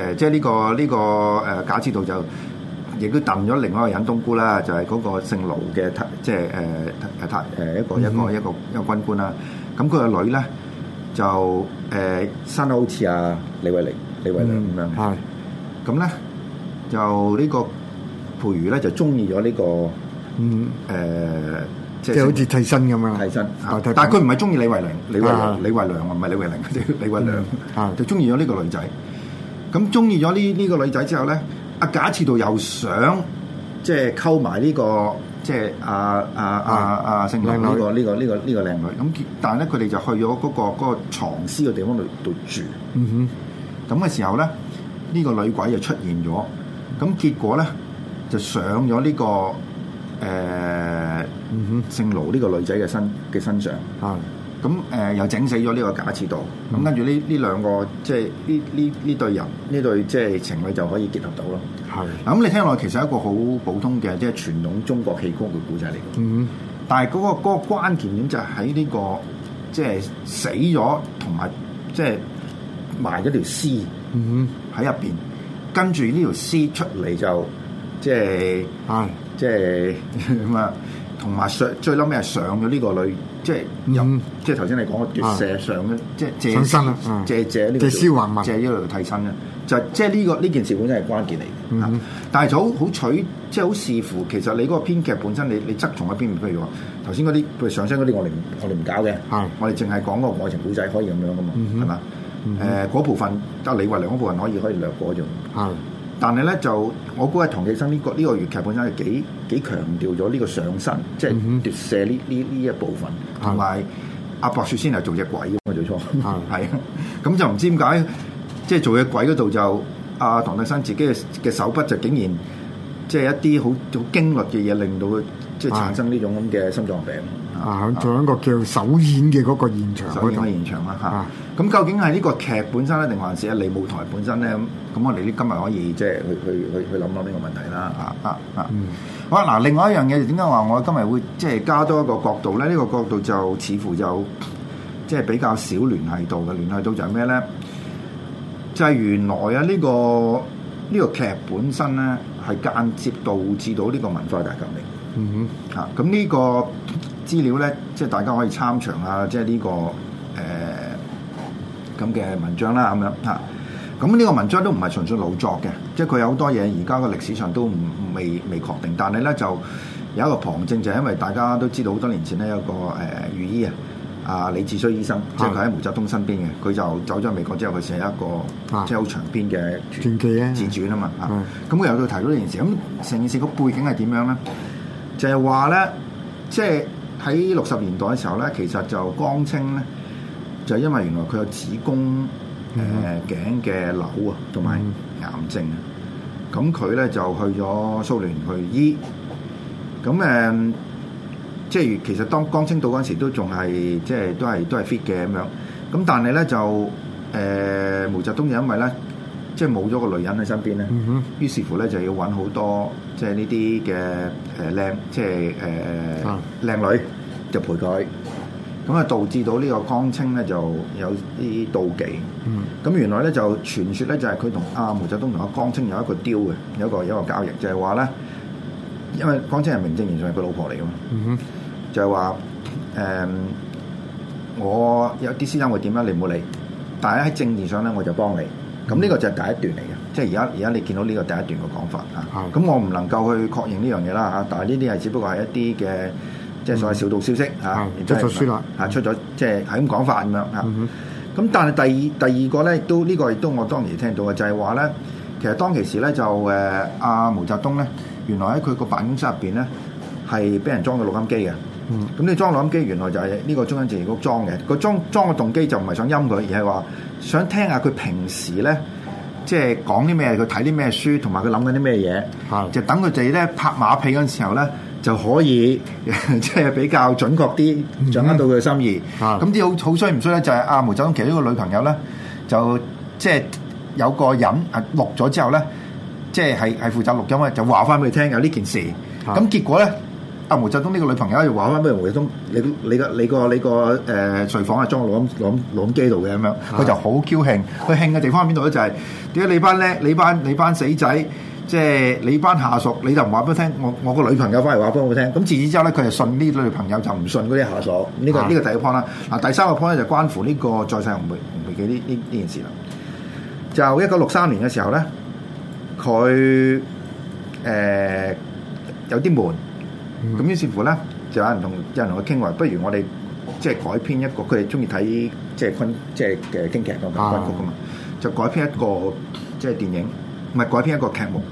誒，即係呢個呢個誒假設度就亦都揼咗另外一個人冬菇啦，就係嗰個姓盧嘅，即係誒誒一個一個一個一個軍官啦。咁佢個女咧就誒生得好似阿李慧玲李慧玲咁樣，咁咧。就呢、呢個培瑜咧，就中意咗呢個嗯誒，即係好似替身咁樣。替身新，哦、但係佢唔係中意李慧玲是，李慧 李慧良啊，唔係李慧玲，即李慧良就中意咗呢個女仔。咁中意咗呢呢個女仔之後咧，啊假設到又想即係溝埋呢個即係啊啊啊啊！成呢個呢個呢個呢個靚女。咁但係咧，佢哋就去咗嗰、嗰個藏屍嘅地方度度住。嗯哼，咁嘅時候咧，呢、呢個女鬼就出現咗。 咁結果咧，就上咗呢、這個誒、呃 mm hmm. 姓盧呢個女仔嘅身嘅身上啊！咁誒、mm hmm. 呃、又整死咗呢個假賊度。咁跟住呢呢兩個即係呢呢呢對人呢對即係情侶就可以結合到咯。係、mm，嗱、hmm. 咁你聽落其實係一個好普通嘅即係傳統中國戲曲嘅故仔嚟。嗯、mm，hmm. 但係、那、嗰個嗰、那個關鍵點就喺呢、這個即係死咗同埋即係埋咗條屍。嗯、mm，喺入邊。跟住呢條屍出嚟就即係，即係咁啊，同埋、嗯、 上最嬲咩啊？上咗呢個女，即係又、嗯、即係頭先你講射上咧、嗯，即係借屍借借呢條借屍還魂借呢條替身咧，就即係呢個呢件事本身係關鍵嚟嘅。嗯、但係就好好取即係好視乎，其實你嗰個編劇本身你你側重一邊，譬如話頭先嗰啲譬如上身嗰啲，我哋我哋唔搞嘅，我哋淨係講個愛情古仔可以咁樣噶嘛，係嘛？誒嗰部分，即李你良嗰部分可以可以掠過咗。啊！但係咧就，我估係唐藝生呢個呢個粵劇本身係幾幾強調咗呢個上身，即係奪射呢呢呢一部分。同埋阿博雪先係做隻鬼嘅嘛，做錯係啊。咁就唔知點解，即係做隻鬼嗰度就阿唐藝生自己嘅嘅手筆就竟然即係一啲好好驚略嘅嘢，令到佢即係產生呢種嘅心臟病。啊！仲有一個叫首演嘅嗰個現場，首演嘅現場啦嚇。咁、啊啊、究竟係呢個劇本身咧，定還是係利舞台本身咧？咁我哋今日可以即係、呃、去去去去諗諗呢個問題啦。啊啊啊！嗯、好啦，嗱、啊，另外一樣嘢就點解話我今日會即係加多一個角度咧？呢、呢個角度就似乎就即係、就係、比較少聯繫到。嘅聯繫到就係咩咧？就係、係、原來啊、呢個，呢個呢個劇本身咧係間接導致到呢個文化大革命。嗯哼，嚇咁呢個。資料咧，即係大家可以參詳下。即係、這、呢個誒咁嘅文章啦，咁樣嚇。咁呢、啊、個文章都唔係純粹老作嘅，即係佢有好多嘢，而家個歷史上都未未確定。但係咧就有一個旁證，就係、是、因為大家都知道好多年前咧有個誒、呃、御醫啊，阿李志綏醫生，即係佢喺毛澤東身邊嘅，佢、嗯、就走咗美國之後，佢寫一個、啊、即係好長篇嘅傳記啊，自傳啊嘛嚇。咁、嗯、佢、嗯、又到提到呢件事。咁、嗯、成件事個背景係點樣咧？就係話咧，即係。喺六十年代嘅時候咧，其實就江青咧，就因為原來佢有子宮誒頸嘅瘤啊，同埋癌症啊，咁佢咧就去咗蘇聯去醫，咁誒，即係其實當江青到嗰陣時都仲係即係都係都係 fit 嘅咁樣，咁但係咧就誒毛澤東就因為咧。即係冇咗個女人喺身邊咧，嗯、哼於是乎咧就要揾好多即係呢啲嘅誒靚，即係誒、呃嗯、靚女就陪佢，咁啊導致到呢個江青咧就有啲妒忌。咁、嗯、哼原來咧就傳說咧就係佢同阿毛澤東同阿江青有一個 deal 嘅，有一個有一個交易，就係話咧，因為江青係名正言順係佢老婆嚟噶嘛，嗯、哼就係話誒我有啲私心，會點啦，你唔好理，但係喺政治上咧，我就幫你。咁呢個就係第一段嚟嘅，即係而家而家你見到呢個第一段嘅講法嚇。咁、嗯、我唔能夠去確認呢樣嘢啦嚇，但係呢啲係只不過係一啲嘅，即係所謂小道消息嚇，出咗書啦嚇，啊、出咗即係係咁講法咁樣嚇。咁但係第二第二個咧，亦都呢、呢個亦都我當時聽到嘅就係話咧，其實當其時咧就誒阿、啊、毛澤東咧，原來喺佢個辦公室入邊咧係俾人裝咗錄音機嘅。嗯，咁你裝錄音機，原來就係呢個中央政治局裝嘅。個裝裝嘅動機就唔係想陰佢，而係話想聽下佢平時咧，即、就、係、是、講啲咩，佢睇啲咩書，同埋佢諗緊啲咩嘢。是的 就等佢哋咧拍馬屁嗰陣時候咧，就可以即係、就是、比較準確啲，掌握到佢嘅心意。咁啲好好衰唔衰咧？就係、是、阿、啊、毛澤東其中一個女朋友咧，就即係、就是、有個人啊錄咗之後咧，即係係係負責錄音啊，就話翻俾佢聽有呢件事。咁是的 結果咧。阿毛澤東呢個女朋友又話翻俾毛澤東，你你，你，你、呃、個你個你個誒睡房啊裝攞攞攞機度嘅咁樣，佢就好嬌慶，佢慶嘅地方喺邊度咧？就係點解你班咧？你班你班死仔，即係你班下屬，你就唔話俾佢聽。我我個女朋友翻嚟話俾我聽，咁、嗯、自此之後咧，佢係信呢女朋友就唔信嗰啲下屬。呢、這個呢、這個第二 point 啦。嗱，第三個 point 咧就關乎呢、這個再世紅紅梅記呢呢呢件事啦。就一九六三年嘅時候咧，佢誒、呃、有啲悶。咁於是乎咧，就有人同有人同佢傾話，不如我哋即係改編一個，佢哋中意睇即係昆即係嘅京劇嗰個曲噶嘛，啊、就改編一個即係電影，唔係改編一個劇目。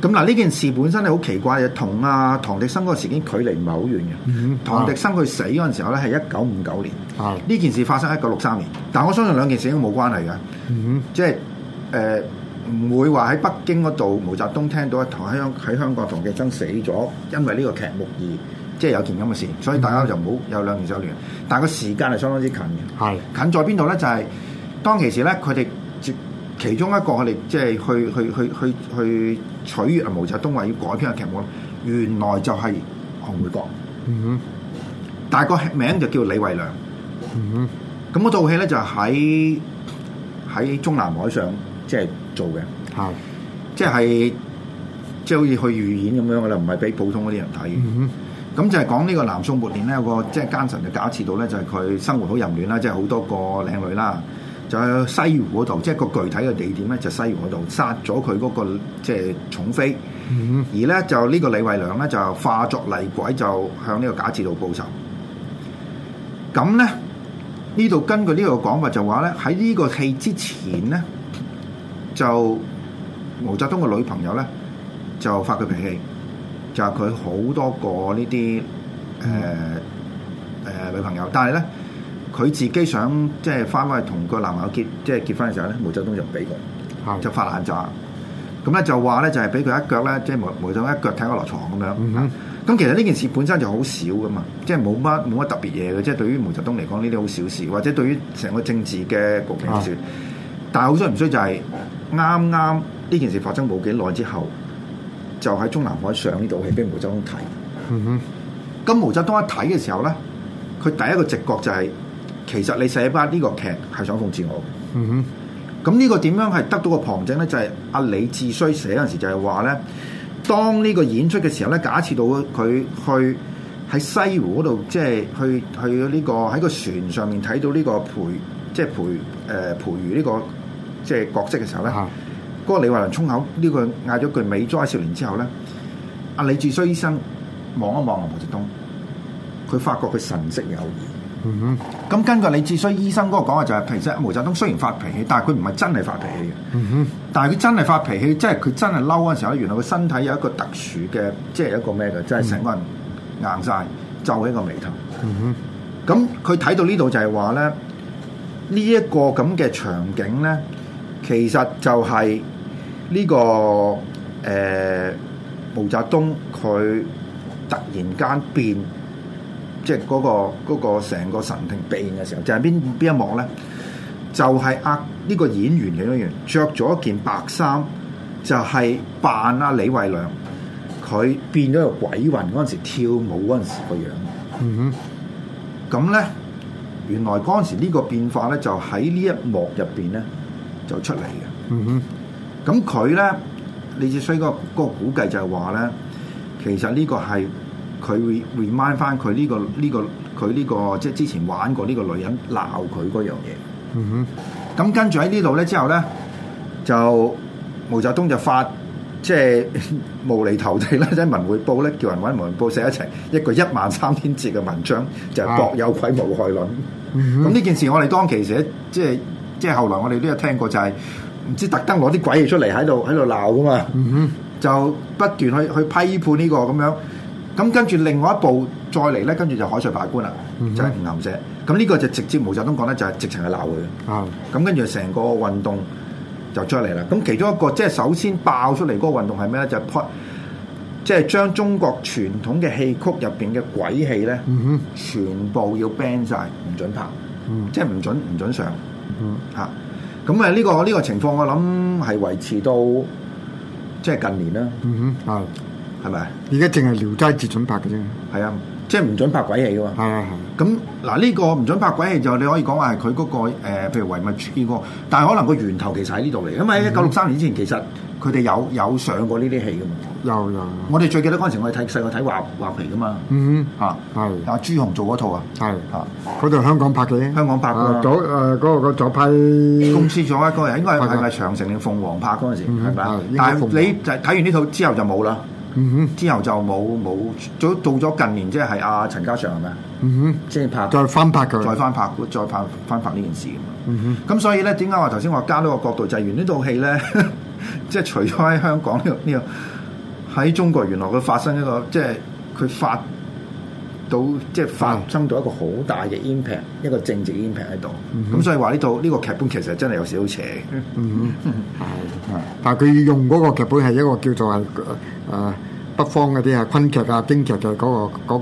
咁嗱、嗯，呢件事本身係好奇怪嘅，同阿、啊、唐滌生嗰個時間距離唔係好遠嘅。嗯啊、唐滌生佢死嗰陣時候咧係一九五九年，呢、啊、件事發生喺一九六三年，但我相信兩件事應該冇關係嘅。嗯嗯、即係誒。呃唔會話喺北京嗰度，毛澤東聽到喺香喺香港同競爭死咗，因為呢個劇目而即係有件咁嘅事，所以大家就唔好有兩年手聯。但個時間係相當之近嘅，係是的 近在邊度咧？就係、是、當其時咧，佢哋其中一個，我哋即係去去去去去取毛澤東，話要改編嘅劇目，原來就係紅梅閣。嗯，嗯，嗯、但個名就叫李慧娘。嗯，嗯，嗯那那，咁套戲咧就喺、是、喺中南海上，即係。做嘅，係、啊、即係即係好似去預演咁樣嘅啦，唔係俾普通嗰啲人睇。咁、嗯、哼就係講呢個南宋末年咧，有、那個即係奸臣嘅賈似道咧，就係、是、佢、就是、生活好淫亂啦，即係好多個靚女啦。就喺西湖嗰度，即係一個具體嘅地點咧，就是、西湖嗰度殺咗佢嗰個即係寵妃。嗯、哼而咧就呢個李慧良咧就化作厲鬼，就向呢個賈似道報仇。咁咧呢度根據呢個講法就話咧喺呢個戲之前咧。就毛澤東嘅女朋友咧，就發個脾氣，就佢、是、好多個呢啲誒誒女朋友，但係咧佢自己想即係翻翻去同個男朋友結即係結婚嘅時候咧，毛澤東就唔俾佢，就發爛渣。咁咧就話咧就係俾佢一腳咧，即係毛毛澤東一腳踢我落床咁樣。咁、嗯、哼其實呢件事本身就好少噶嘛，即係冇乜冇乜特別嘢嘅，即係對於毛澤東嚟講呢啲好小事，或者對於成個政治嘅局面。但係好衰唔衰就係啱啱呢件事發生冇幾耐之後，就喺中南海上呢度。戲俾毛澤東睇。哼、mm，咁、hmm. 毛澤東一睇嘅時候咧，佢第一個直覺就係、是，其實你寫返呢個劇係想諷刺我。哼、mm，咁、hmm. 呢個點樣係得到個旁證咧？就係、是、阿、啊、李志需寫嗰陣時就係話咧，當呢個演出嘅時候咧，假設到佢去喺西湖嗰度，即、就、係、是、去去呢、這個喺個船上面睇到呢個培，即係培誒陪如呢、呃這個。即係角色嘅時候咧，嗰、啊、個李雲龍衝口呢、這個嗌咗句美哉少年之後咧，阿李志綏醫生望一望啊毛澤東，佢發覺佢神色有異。咁、嗯嗯、根據李志綏醫生嗰個講話、就是，就係其實毛澤東雖然發脾氣，但係佢唔係真係發脾氣嘅。但係佢真係發脾氣，即係佢真係嬲嗰陣時候原來佢身體有一個特殊嘅，即、就、係、是、一個咩嘅，即係成個人硬晒，皺起個眉頭。咁佢睇到呢度就係話咧，呢、這、一個咁嘅場景咧。其實就係呢、這個誒、呃、毛澤東佢突然間變，即係嗰、那個成、那個、個神庭變嘅時候。就係邊邊一幕咧？就係呃呢個演員、演員着咗一件白衫，就係、是、扮阿、啊、李慧良。佢變咗個鬼魂嗰陣時跳舞嗰陣時個樣。嗯哼、mm。咁、hmm. 咧，原來嗰陣時呢個變化咧，就喺呢一幕入邊咧。就出嚟嘅，咁佢咧，你只需嗰個估計就係話咧，其實呢個係佢會 remind 翻佢呢個呢、呢個佢呢、呢個即係、就是、之前玩過呢個女人鬧佢嗰樣嘢。咁、mm hmm. 跟住喺呢度咧，之後咧就毛澤東就發即係、就是、 無厘頭地咧，喺、就是、文匯報咧叫人搵文匯報寫一齊一個一萬三千字嘅文章，就係、是、博有鬼無害論。咁呢、mm hmm. 件事我哋當其時寫即係。就是即係後來我哋都有聽過、就是，就係唔知特登攞啲鬼嘢出嚟喺度喺度鬧噶嘛，mm hmm. 就不斷去去批判呢、這個咁樣，咁跟住另外一部再嚟咧，跟住就海上法官啦，mm hmm. 就係平岩社。咁、這、呢個就直接毛澤東講咧，就係直情係鬧佢，咁、hmm. 跟住成個運動就出嚟啦。咁其中一個即係首先爆出嚟嗰個運動係咩咧？就係、是、即係將中國傳統嘅戲曲入邊嘅鬼戲咧，mm hmm. 全部要 ban 晒，唔、mm hmm. 准拍，即係唔准唔准上。吓，咁啊呢個呢、這個情況我諗係維持到即係、就是、近年啦，嗯哼，係、啊、咪？而家淨係聊齋節准拍嘅啫，係啊，即係唔准拍鬼戲嘅喎。係啊係，咁嗱呢個唔准拍鬼戲就你可以講話係佢嗰個誒、呃，譬如文物專家，但係可能個源頭其實喺呢度嚟，因為喺一九六三年之前其實。嗯佢哋有有上過呢啲戲嘅，有有。我哋最記得嗰陣時，我哋睇細個睇畫畫皮噶嘛，嚇，係阿朱虹做嗰套啊，係嚇，度香港拍嘅，香港拍嘅，左誒嗰個個左派公司咗一個人，應該係係咪啊？長城定鳳凰拍嗰陣時係咪啊？但係你就睇完呢套之後就冇啦，嗯哼，之後就冇冇，咗到咗近年即係阿陳嘉上係咪啊？嗯哼，即係拍再翻拍佢，再翻拍再翻翻拍呢件事，嗯哼，咁所以咧點解我頭先話加呢個角度就係完呢套戲咧？即係除咗喺香港呢個喺中國，原來佢發生一個，即係佢發到，即係、uh. 發生到一個好大嘅 impact，一個政治 impact 喺度。咁、uh huh. 所以話呢套呢個劇本其實真係有少少邪。但係佢用嗰個劇本係一個叫做係誒北方嗰啲啊昆劇啊京劇嘅嗰個嗰個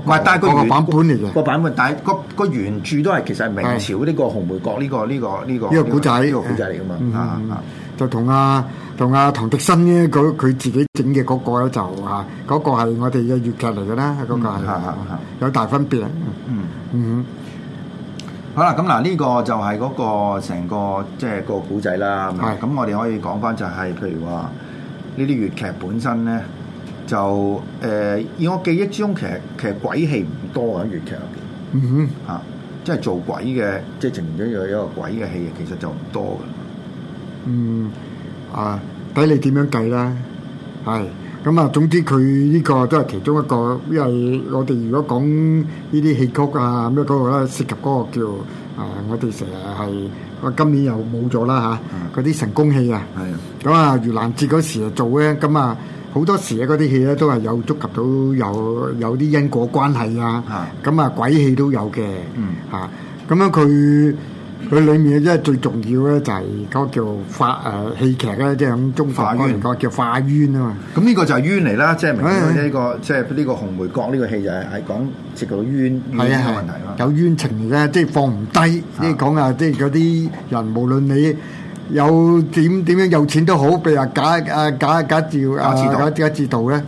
個版本嚟嘅個版本。但係個個原著都係其實係明朝呢個紅梅閣呢個呢個呢個呢個古仔呢個古仔嚟噶嘛。就同阿同阿唐滌生咧，佢自己整嘅嗰個咧就吓，嗰、啊那個係我哋嘅粵劇嚟嘅啦，嗰、那個係、嗯、有大分別。嗯嗯，嗯哼好啦，咁嗱呢個就係嗰個成個即係、就是、個古仔啦。係咁是，我哋可以講返就係、是、譬如話呢啲粵劇本身咧，就誒、呃、以我記憶之中，其實其實鬼戲唔多喺粵劇入邊。嗯哼、啊、即係做鬼嘅，即係整咗有有個鬼嘅戲，其實就唔多嘅。嗯，啊，睇你點樣計啦，係咁啊。總之佢呢個都係其中一個，因為我哋如果講呢啲戲曲啊咩嗰、嗰個咧，涉及嗰個叫啊，我哋成日係今年又冇咗啦嚇，嗰啲神功戲啊，咁的、嗯、啊，盂蘭節嗰時啊做咧，咁啊好多時啊嗰啲戲咧都係有觸及到有有啲因果關係啊，咁的、嗯、啊鬼戲都有嘅，嚇咁樣佢。佢裏面嘅即係最重要咧，就係嗰個叫化誒戲劇咧，即係咁中華開個叫化冤啊嘛。咁呢個就係冤嚟啦，即係明、這個。呢、這個即係呢個紅梅閣呢個戲就係喺講直頭冤冤嘅問題有冤情咧，即、就、係、是、放唔低。即係講啊，即係有啲人，無論你有點點樣，樣有錢都好，譬如話假誒假假字，假字，假字圖咧，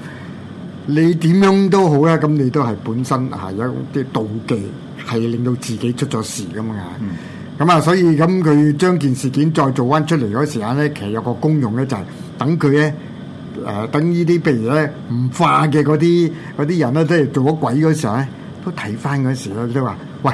你點樣都好咧，咁你都係本身係有啲妒忌，係令到自己出咗事㗎嘛。嗯咁啊、嗯，所以咁佢將件事件再做翻出嚟嗰時間咧，其實有個功用咧，就係等佢咧，誒等呢啲譬如咧唔化嘅嗰啲啲人咧，即係做咗鬼嗰時候咧，都睇翻嗰時咧，即係話，喂，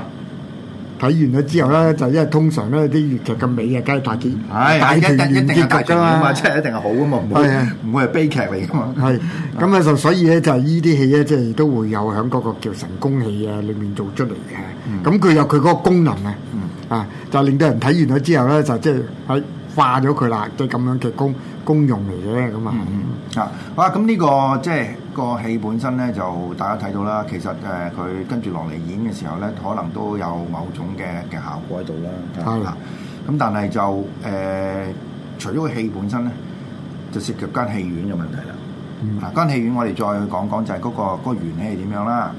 睇完咗之後咧，就因為通常咧啲粵劇嘅尾啊，梗係大結，係劇情完結局㗎嘛，即係一定係好啊嘛，唔的會唔會係悲劇嚟㗎嘛，係的，咁啊就所以咧就呢、是、啲戲咧，即係都會有喺嗰個叫神功戲啊裏面做出嚟嘅，咁、嗯、佢、嗯嗯、有佢嗰個功能啊。啊！就令到人睇完咗之後咧，就即係喺化咗佢啦，即咁樣嘅功功用嚟嘅咁啊！好哇、這個！咁呢個即係個戲本身咧，就大家睇到啦。其實誒，佢、呃、跟住落嚟演嘅時候咧，可能都有某種嘅嘅效果喺度啦。啱啦的。咁、啊、但係就誒、呃，除咗個戲本身咧，就涉及間戲院嘅問題啦。嗱、嗯，啊、間戲院我哋再講講就係嗰、那個嗰、那個緣起係點樣啦。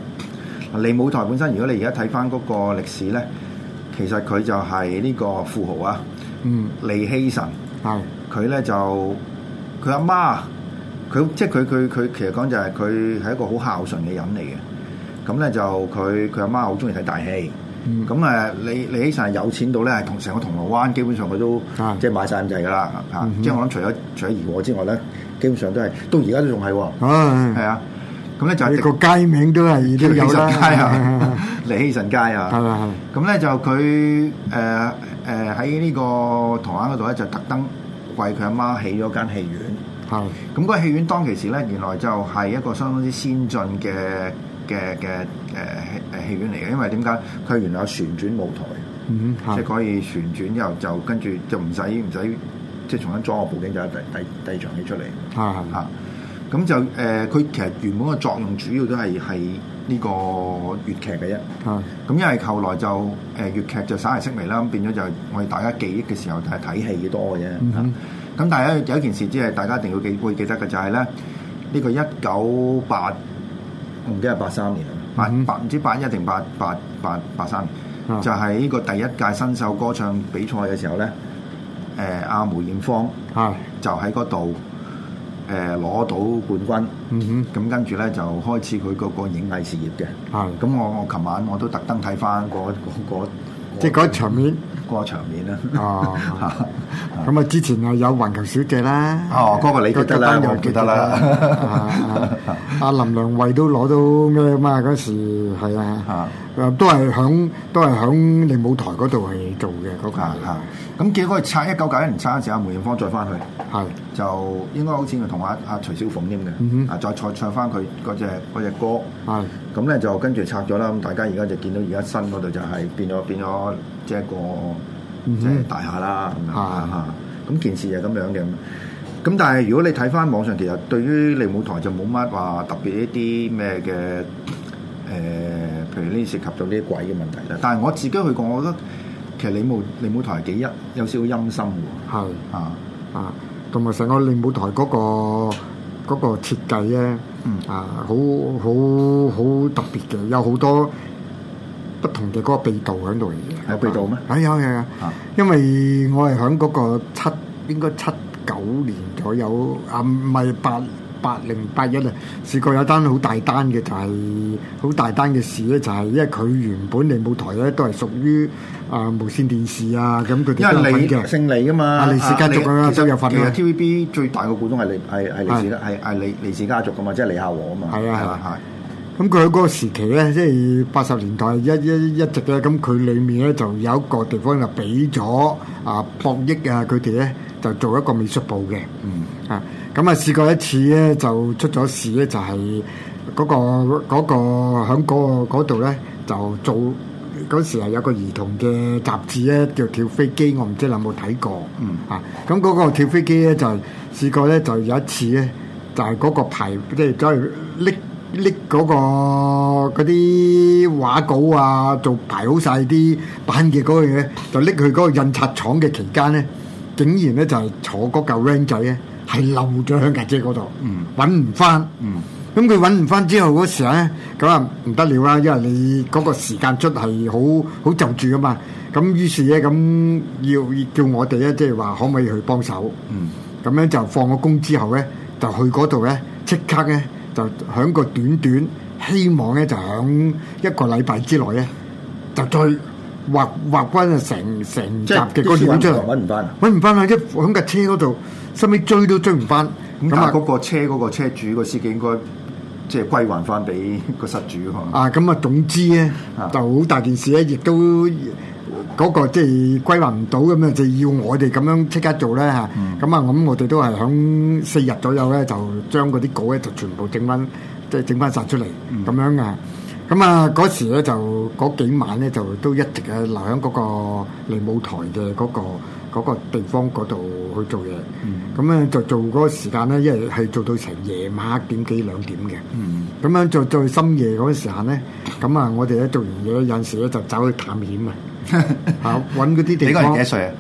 嗱、啊，利舞台本身，如果你而家睇翻嗰個歷史咧。其實佢就係呢個富豪啊，嗯，利希慎，係佢咧就佢阿媽，佢即係佢佢佢其實講就係佢係一個好孝順嘅人嚟嘅，咁咧就佢佢阿媽好中意睇大戲，咁誒利利希慎係有錢到咧，同成個銅鑼灣基本上佢都、嗯、即係買晒咁滯㗎啦，嚇、嗯哼！即係我諗除咗除咗怡和之外咧，基本上都係到而家都仲係，係啊！咁咧就係個街名都係都有街啊，利希慎街啊。係是 啊係。咁咧是就佢誒誒喺呢個台灣嗰度咧就特登為佢阿媽起咗間戲院。係。咁個戲院當其時咧，原來就係一個相當之先進嘅嘅嘅誒誒戲院嚟嘅，因為點解？佢原來有旋轉舞台，即係、嗯、可以旋轉，之後就跟住就唔使唔使即係重新裝個布景就第第第二場戲出嚟。係係。咁就誒，佢、呃、其實原本嘅作用主要都係係呢個粵劇嘅啫。啊，咁因為後來就誒、呃、粵劇就稍為式微啦，咁變咗就我哋大家記憶嘅時候就係睇戲多嘅啫。咁、嗯、哼但係有一件事，即係大家一定要記會、這個、記得嘅，就係咧呢個一九八，唔記得係八三年啊，八八唔知八一定八八八八三年就喺呢個第一屆新秀歌唱比賽嘅時候咧，誒、呃、阿梅艷芳係、啊、就喺嗰度。誒攞到冠軍，咁跟住咧就開始佢嗰個影藝事業嘅。咁我我琴晚我都特登睇翻嗰個，即係嗰場面。嗰場面啦。哦。咁啊，之前係有環球小姐啦。哦，嗰個你記得啦，我記得啦。阿林良慧都攞到咩啊嘛？嗰時係啊，都係響都係響利舞台嗰度係做嘅嗰個。咁結果佢拆一九九一年拆嗰陣時候，啊梅艷芳再翻去，係的就應該好似佢同阿阿徐小鳳添嘅，啊再、嗯、哼再唱翻佢嗰隻隻歌，係咁咧就跟住拆咗啦。咁大家而家就見到而家新嗰度就係、是、變咗變咗即係一個即係、就是、大廈啦，嚇嚇。咁件事係咁樣嘅。咁但係如果你睇翻網上，其實對於利舞台就冇乜話特別一啲咩嘅，誒、呃，譬如呢涉及咗呢啲鬼嘅問題啦。但係我自己去過，我覺得。其實利舞利舞台幾一有少少陰森喎，係啊是啊，同埋成個利舞台嗰個嗰個設計咧，嗯啊好好好特別嘅，有好多不同嘅嗰個秘道喺度，有秘道咩？係有嘅，因為我係喺嗰個七應該七九年左右啊，唔係八年。八零八一啊！81，試過有單好大單嘅，就係、是、好大單嘅事咧，就係、是、因為佢原本嘅舞台咧都係屬於啊、呃、無線電視啊，咁佢哋因為李，姓李啊嘛，利氏、啊、家族啊，都有份。TVB 最大嘅股東係利係係利氏，係係利利氏家族噶嘛，即係利孝和啊嘛。係啊係啊，咁佢喺嗰個時期咧，即係八十年代一一一直咧，咁佢裡面咧就有一個地方就俾咗啊博益啊，佢哋咧就做一個美術部嘅，嗯啊。咁啊，試過一次咧，就出咗事咧、嗰個，就係嗰個喺嗰度咧，就做嗰時係有個兒童嘅雜誌咧，叫跳飛機，我唔知你有冇睇過？嗯啊，咁、嗰、嗰個跳飛機咧就係、試過咧，就有一次咧，就係、係、嗰、嗰個排即係走去拎拎嗰個嗰啲畫稿啊，做排好晒啲版嘅嗰樣嘢，就拎去嗰個印刷廠嘅期間咧，竟然咧就係坐嗰嚿 Van 仔咧。係漏咗喺阿姐嗰度，嗯，揾唔翻，嗯，咁佢揾唔翻之後嗰時咧，咁啊唔得了啦，因為你嗰個時間出係好好就住噶嘛，咁於是咧咁要叫我哋咧，即係話可唔可以去幫手，嗯，咁咧就放咗工之後咧，就去嗰度咧，即刻咧就喺個短短希望咧就喺一個禮拜之內咧就追。划划翻啊！成成集嘅嗰啲唔真係，搵唔翻啦！一喺架車嗰度，收尾追都追唔翻。咁啊，嗰個車嗰個車主個司機應該即係歸還翻俾個失主啊！咁啊，總之咧、啊、就好大件事咧，亦都嗰、嗰個即、就、係、是、歸還唔到咁啊，就要我哋咁樣即刻做咧嚇。咁、嗯、啊，咁我哋都係響四日左右咧，就將嗰啲稿咧就全部整翻，即係整翻曬出嚟咁樣啊！咁啊，嗰時咧就嗰幾晚咧就都一直啊留喺嗰個利舞台嘅嗰、嗰個嗰個地方嗰度去做嘢。咁咧、嗯、就做嗰個時間咧，因為係做到成夜晚一點幾兩點嘅。咁樣再再深夜嗰個時間咧，咁啊我哋咧做完嘢有陣時咧就走去探險啊，揾嗰啲地方。你嗰陣幾多歲啊？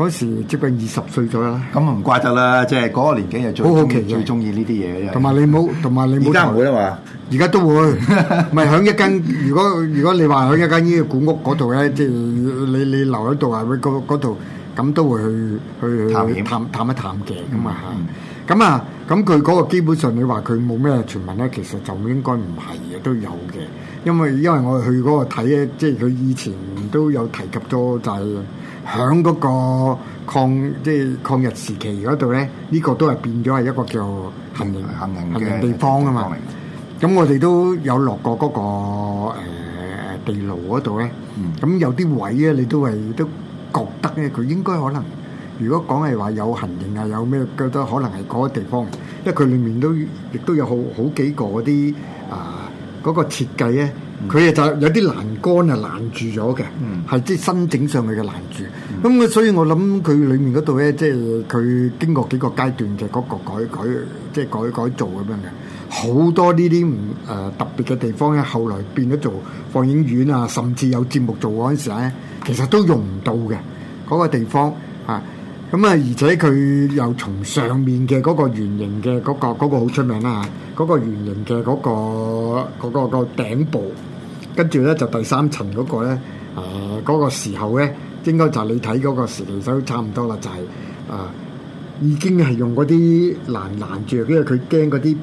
嗰時接近二十歲咗啦，咁唔怪得啦，即係嗰個年紀又最最好奇，最中意呢啲嘢嘅。同埋你冇，同埋你冇。而家唔會啦嘛，而家都會。唔係喺一間，如果如果你話喺一間呢個古屋嗰度咧，即係你你留喺度啊，嗰嗰度咁都會去去去探探一探嘅咁啊嚇。咁啊，咁佢嗰個基本上你話佢冇咩傳聞咧，其實就應該唔係嘅，都有嘅。因為因為我去嗰個睇咧，即係佢以前都有提及多滯。響嗰個抗即係抗日時期嗰度咧，呢、這個都係變咗係一個叫行營行營行營嘅地方啊嘛。咁營我哋都有落過嗰、那個誒、呃、地牢嗰度咧。咁、嗯、有啲位啊，你都係都覺得咧，佢應該可能，如果講係話有行營啊，有咩覺得可能係嗰個地方，因為佢裡面都亦都有好好幾個嗰啲啊嗰個設計咧。佢誒就有啲欄杆啊，攔住咗嘅，係即係新整上去嘅攔住。咁啊，所以我諗佢裏面嗰度咧，即係佢經過幾個階段嘅嗰個改改，即係改改造咁樣嘅。好多呢啲唔誒特別嘅地方咧，後來變咗做放映院啊，甚至有節目做嗰陣時咧，其實都用唔到嘅嗰個地方嚇。咁啊，而且佢又從上面嘅嗰個圓形嘅嗰個嗰個好出名啦嚇，嗰個圓形嘅嗰個嗰個個頂部。跟住咧就第三層嗰個咧，誒、呃、嗰、那個時候咧，應該就你睇嗰個時期都差唔多啦，就係、是、誒、呃、已經係用嗰啲攔攔住，因為佢驚嗰啲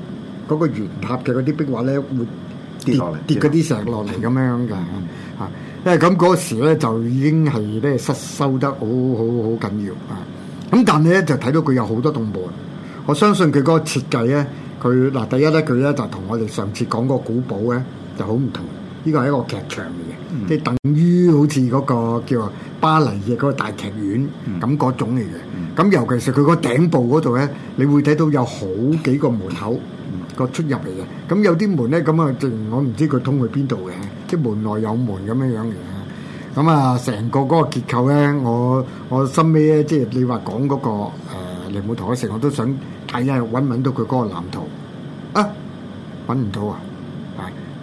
嗰個圓塔嘅嗰啲壁畫咧會跌落嚟，跌嗰啲石落嚟咁樣嘅嚇、啊，因為咁嗰時咧就已經係咧失修得好好好緊要啊！咁但係咧就睇到佢有好多棟門，我相信佢嗰個設計咧，佢嗱第一咧佢咧就同我哋上次講個古堡咧就好唔同。呢個係一個劇場嚟嘅，即係等於好似嗰個叫巴黎嘅嗰個大劇院咁嗰種嚟嘅。咁尤其是佢個頂部嗰度咧，你會睇到有好幾個門口個出入嚟嘅。咁有啲門咧，咁啊，我唔知佢通去邊度嘅，即係門內有門咁樣樣嘅。咁啊，成個嗰個結構咧，我我心尾咧，即係你話講嗰個誒利舞台嗰成，我都想睇下，揾揾到佢嗰個藍圖啊，揾唔到啊！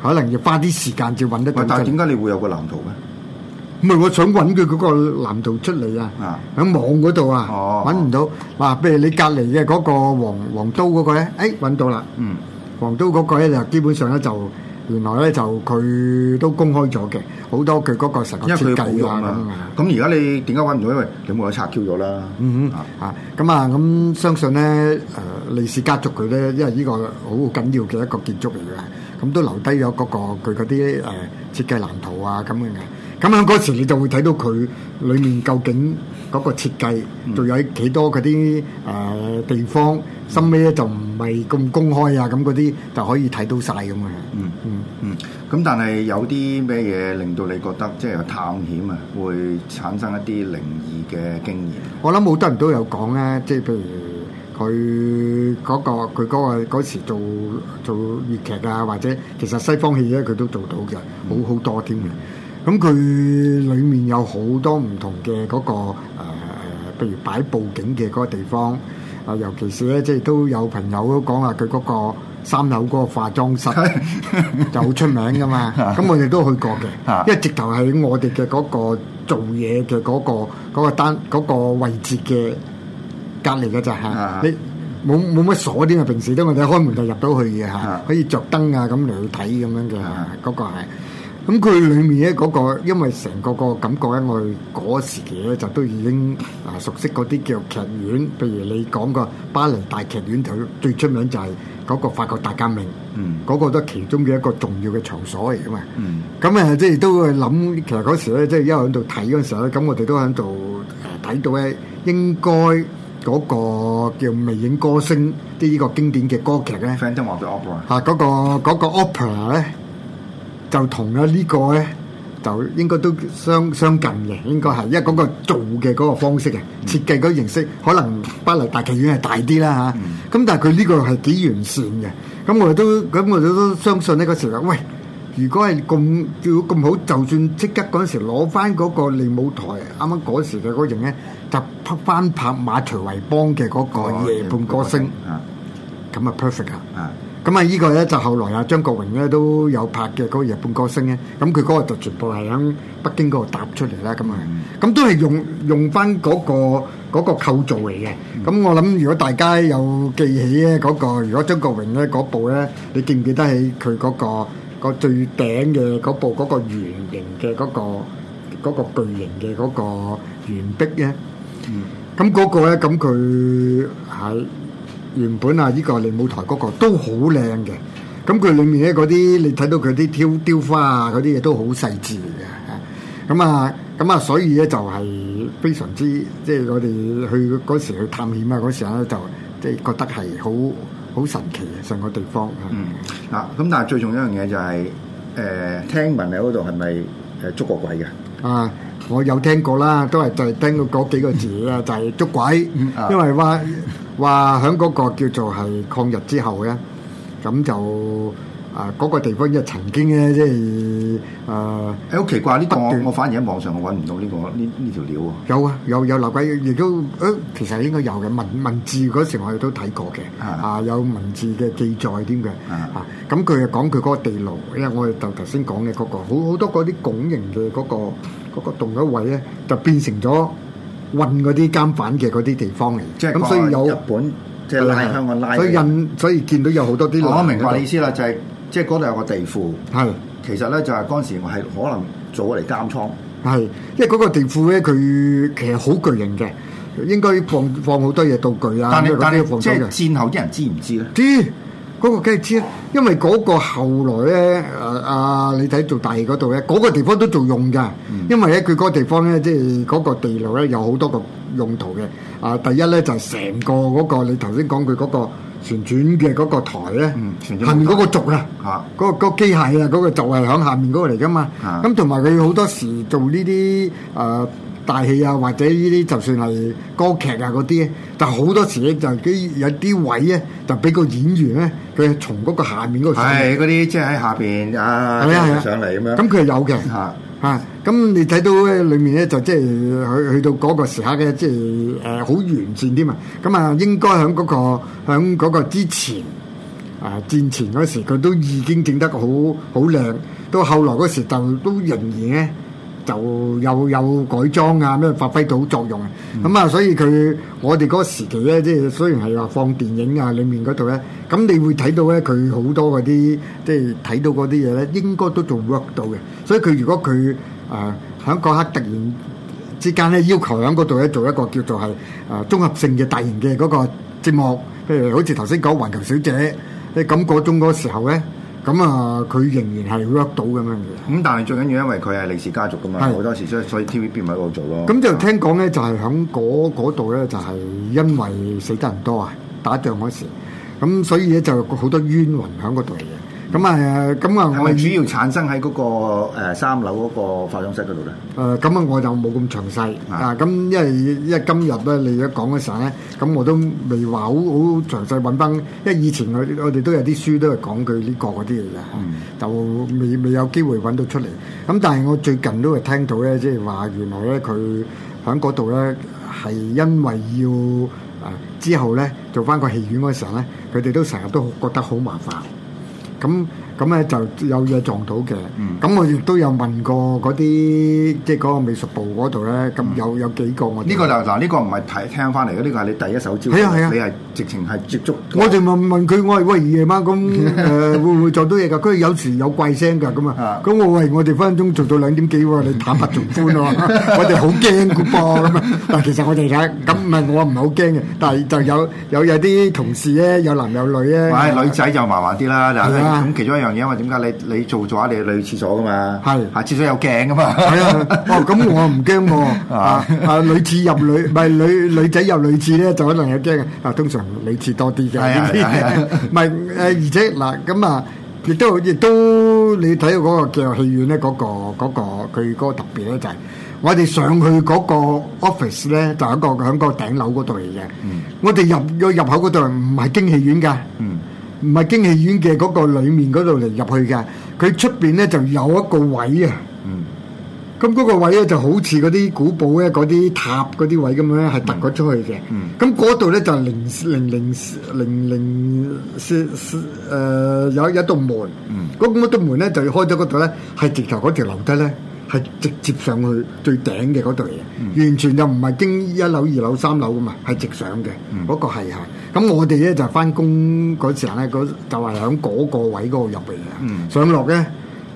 可能要花啲時間就揾得到。但係點解你會有個藍圖咧？唔係，我想揾佢嗰個藍圖出嚟啊！喺網嗰度啊，揾唔到。嗱，譬如你隔離嘅嗰個黃黃都嗰個咧，哎揾到啦。嗯，黃都嗰個咧就基本上咧就原來咧就佢都公開咗嘅，好多佢嗰個實物設計啊嘛。咁而家你點解揾唔到？因為你冇得拆 Q 咗啦。嗯嗯啊咁啊咁，相信咧誒利氏家族佢咧，因為呢個好緊要嘅一個建築嚟嘅。咁都留低咗嗰個佢嗰啲誒設計藍圖啊咁樣嘅，咁樣嗰時你就會睇到佢裏面究竟嗰個設計仲、嗯、有幾多嗰啲誒地方，深屘咧就唔係咁公開啊咁嗰啲就可以睇到晒咁啊。嗯嗯嗯。咁但係有啲咩嘢令到你覺得即係、有、探險啊，會產生一啲靈異嘅經驗？我諗好多人都有講啊，即係譬如。佢嗰、嗰個佢嗰、嗰個嗰時做做粵劇啊，或者其實西方戲咧，佢都做到嘅，好好多添嘅。咁佢裡面有好多唔同嘅嗰、嗰個譬、呃、如擺佈景嘅嗰個地方啊、呃，尤其是咧，即、就、係、是、都有朋友都講話佢嗰個三樓嗰個化妝室 就好出名噶嘛。咁我哋都去過嘅，因為直頭係我哋嘅嗰個做嘢嘅嗰個嗰、嗰個單、嗰個、位置嘅。隔離嘅就係，你冇冇乜鎖啲啊？平時都我哋開門就入到去嘅嚇，可以著燈啊咁嚟去睇咁樣嘅，嗰個係。咁佢裡面咧嗰個，因為成個個感覺咧，我哋嗰時期咧就都已經啊熟悉嗰啲叫做劇院，譬如你講個巴黎大劇院就最出名就係嗰個法國大革命，嗰個都其中嘅一個重要嘅場所嚟嘅嘛。咁啊即係都會諗，其實嗰時咧即係一路喺度睇嗰陣時候咧，咁我哋都喺度睇到咧應該。嗰個叫《魅影歌聲》啲呢個經典嘅歌劇咧、啊，嚇、那、嗰個嗰、嗰個 opera 咧，就同咗呢個咧，就應該都相相近嘅，應該係，因為嗰個做嘅嗰個方式嘅設計嗰形式，可能巴黎大劇院係大啲啦嚇，咁、啊嗯、但係佢呢個係幾完善嘅，咁我哋都咁我哋都相信呢個時候。喂！如果係咁叫咁好，就算即刻嗰陣時攞翻嗰個利舞台，啱啱嗰時嘅嗰陣咧，就拍翻拍馬徐維邦嘅嗰個夜半歌星，咁啊 perfect 啊，咁啊呢個咧就後來啊張國榮咧都有拍嘅嗰個夜半歌星咧，咁佢嗰個就全部係喺北京嗰度搭出嚟啦，咁啊，咁都係用用翻嗰個嗰個構造嚟嘅。咁我諗如果大家有記起咧嗰個，如果張國榮咧嗰部咧，你記唔記得起佢嗰個？最頂那個最頂嘅嗰部嗰個圓形嘅嗰個個巨型嘅嗰個圓壁咧，嗯，咁嗰、那個咧，咁佢喺原本啊、這個，呢個利舞台嗰、那個都好靚嘅，咁佢裏面咧嗰啲你睇到佢啲雕雕花啊，嗰啲嘢都好細緻嘅，吓，咁啊，咁啊，所以咧就係非常之，即、就、係、是、我哋去嗰時去探險啊，嗰時咧就即係覺得係好。好神奇嘅，成個地方嚇、嗯。啊，咁但係最重要一樣嘢就係、是，誒、呃，聽聞你嗰度係咪誒捉過鬼嘅？啊，我有聽過啦，都係就係聽過嗰幾個字啦， 就係捉鬼。因為話話喺嗰個叫做係抗日之後咧，咁就。啊！嗰個地方即曾經咧，即係啊，好奇怪呢度斷我，我反而喺網上我揾唔到呢、這個呢呢條料喎。 有啊，有有立喺亦都誒，其實應該有嘅文文字嗰時我哋都睇過嘅啊，uh huh. uh, 有文字嘅記載添嘅啊。咁佢係講佢嗰個地牢，因為我哋頭頭先講嘅嗰個好好多嗰啲拱形嘅嗰、那個那個洞位咧，就變成咗運嗰啲監犯嘅嗰啲地方嚟。即係是咁，所以有日本即係拉香港拉所以印所以見到有好多啲我明白意思啦，就係、是。就是即係嗰度有個地庫，係是其實咧就係嗰陣時我係可能做嚟監倉，係因為嗰個地庫咧，佢其實好巨型嘅，應該放放好多嘢道具啦，但你即係戰後啲人知唔知咧？知嗰、那個梗係知，因為嗰個後來咧，阿、啊、阿、啊、你睇做大戲嗰度咧，嗰、那個地方都做用㗎，嗯、因為喺佢嗰個地方咧，即係嗰個地牢咧有好多個。用途嘅啊，第一咧就係成個嗰個你頭先講佢嗰個旋轉嘅嗰個台咧，嗯，喺嗰個軸啊，啊，嗰個嗰個機械啊，嗰個就係響下面嗰個嚟噶嘛。咁同埋佢好多時做呢啲誒大戲啊，或者呢啲就算係歌劇啊嗰啲，但係好多時就係有啲位咧，就俾個演員咧，佢係從嗰個下面嗰度啲即係喺下邊啊，啊啊啊上嚟咁樣。咁佢係有嘅。啊！咁、嗯、你睇到裏面咧就即係去去到嗰個時刻嘅，即係誒好完善啲嘛。咁、嗯、啊，應該喺嗰個、喺嗰個之前，啊戰前嗰時佢都已經整得好好靚，到後來嗰時就都仍然咧。就有有改裝啊咩發揮到作用啊咁、嗯、啊，所以佢我哋嗰個時期咧，即係雖然係話放電影啊裏面嗰度咧，咁你會睇到咧佢好多嗰啲即係睇到嗰啲嘢咧，應該都做 work 到嘅。所以佢如果佢啊喺嗰刻突然之間咧要求喺嗰度咧做一個叫做係啊、呃、綜合性嘅大型嘅嗰個節目，譬如好似頭先講環球小姐，喺咁嗰種嗰個時候咧。咁啊，佢仍然係 work 到咁樣嘅。咁但係最緊要因為佢係利氏家族噶嘛，好是多時，所以所以 TVB 咪喺度做咯。咁、嗯、就聽講咧，就係響嗰度咧，就係因為死得人多啊，打仗嗰時，咁所以咧就好多冤魂響嗰度嚟嘅。咁啊，咁啊，我係主要產生喺嗰個誒三樓嗰個化妝室嗰度咧。誒，咁啊，我就冇咁詳細啊。咁因為因為今日咧，你一講嘅時候咧，咁我都未話好好詳細揾翻，因為以前我我哋都有啲書都係講佢呢個嗰啲㗎，就未未有機會揾到出嚟。咁但係我最近都係聽到咧，即係話原來咧佢喺嗰度咧係因為要誒之後咧做翻個戲院嗰時候咧，佢哋都成日都覺得好麻煩。咁。咁咧就有嘢撞到嘅，咁我亦都有問過嗰啲即係嗰個美術部嗰度咧，咁有有幾個我呢個就嗱呢個唔係睇聽翻嚟嘅，呢個係你第一手招，你係直情係接觸。我哋問問佢，我係喂夜晚咁誒會唔會撞到嘢㗎？佢有時有怪聲㗎咁啊，咁我喂我哋分分鐘做到兩點幾喎，你坦白從寬喎，我哋好驚嘅噃咁啊！但係其實我哋而家咁唔係我唔係好驚嘅，但係就有有有啲同事咧有男有女咧，係女仔就麻麻啲啦，係啊，咁其中一。樣嘢，因為點解你你做咗，你女廁所噶嘛？係，吓廁所有鏡噶嘛？係啊。哦，咁我唔驚喎。啊，女廁入女，唔係女女仔入女廁咧，就可能有驚嘅。啊，通常女廁多啲嘅。係啊係啊。唔係誒，而且嗱咁啊，亦都亦都，你睇到嗰個叫戲院咧，嗰個嗰個佢嗰個特別咧，就係我哋上去嗰個 office 咧，就係一個響個頂樓嗰度嚟嘅。嗯。我哋入入入口嗰度唔係經戲院噶。嗯。唔係京戲院嘅嗰個裏面嗰度嚟入去嘅，佢出邊咧就有一個位啊、嗯嗯。嗯。咁嗰個位咧就好似嗰啲古堡咧嗰啲塔嗰啲位咁樣，係凸咗出去嘅。嗯。咁嗰度咧就零零零零零零誒、呃，有一道門。嗯。嗰道棟門咧就開咗嗰度咧，係直頭嗰條樓梯咧。係直接上去最頂嘅嗰度嚟，完全就唔係經一樓、二樓、三樓咁嘛，係直上嘅。不過係啊，咁我哋咧就翻工嗰時咧，嗰就係喺嗰個位嗰度入嚟嘅。上落咧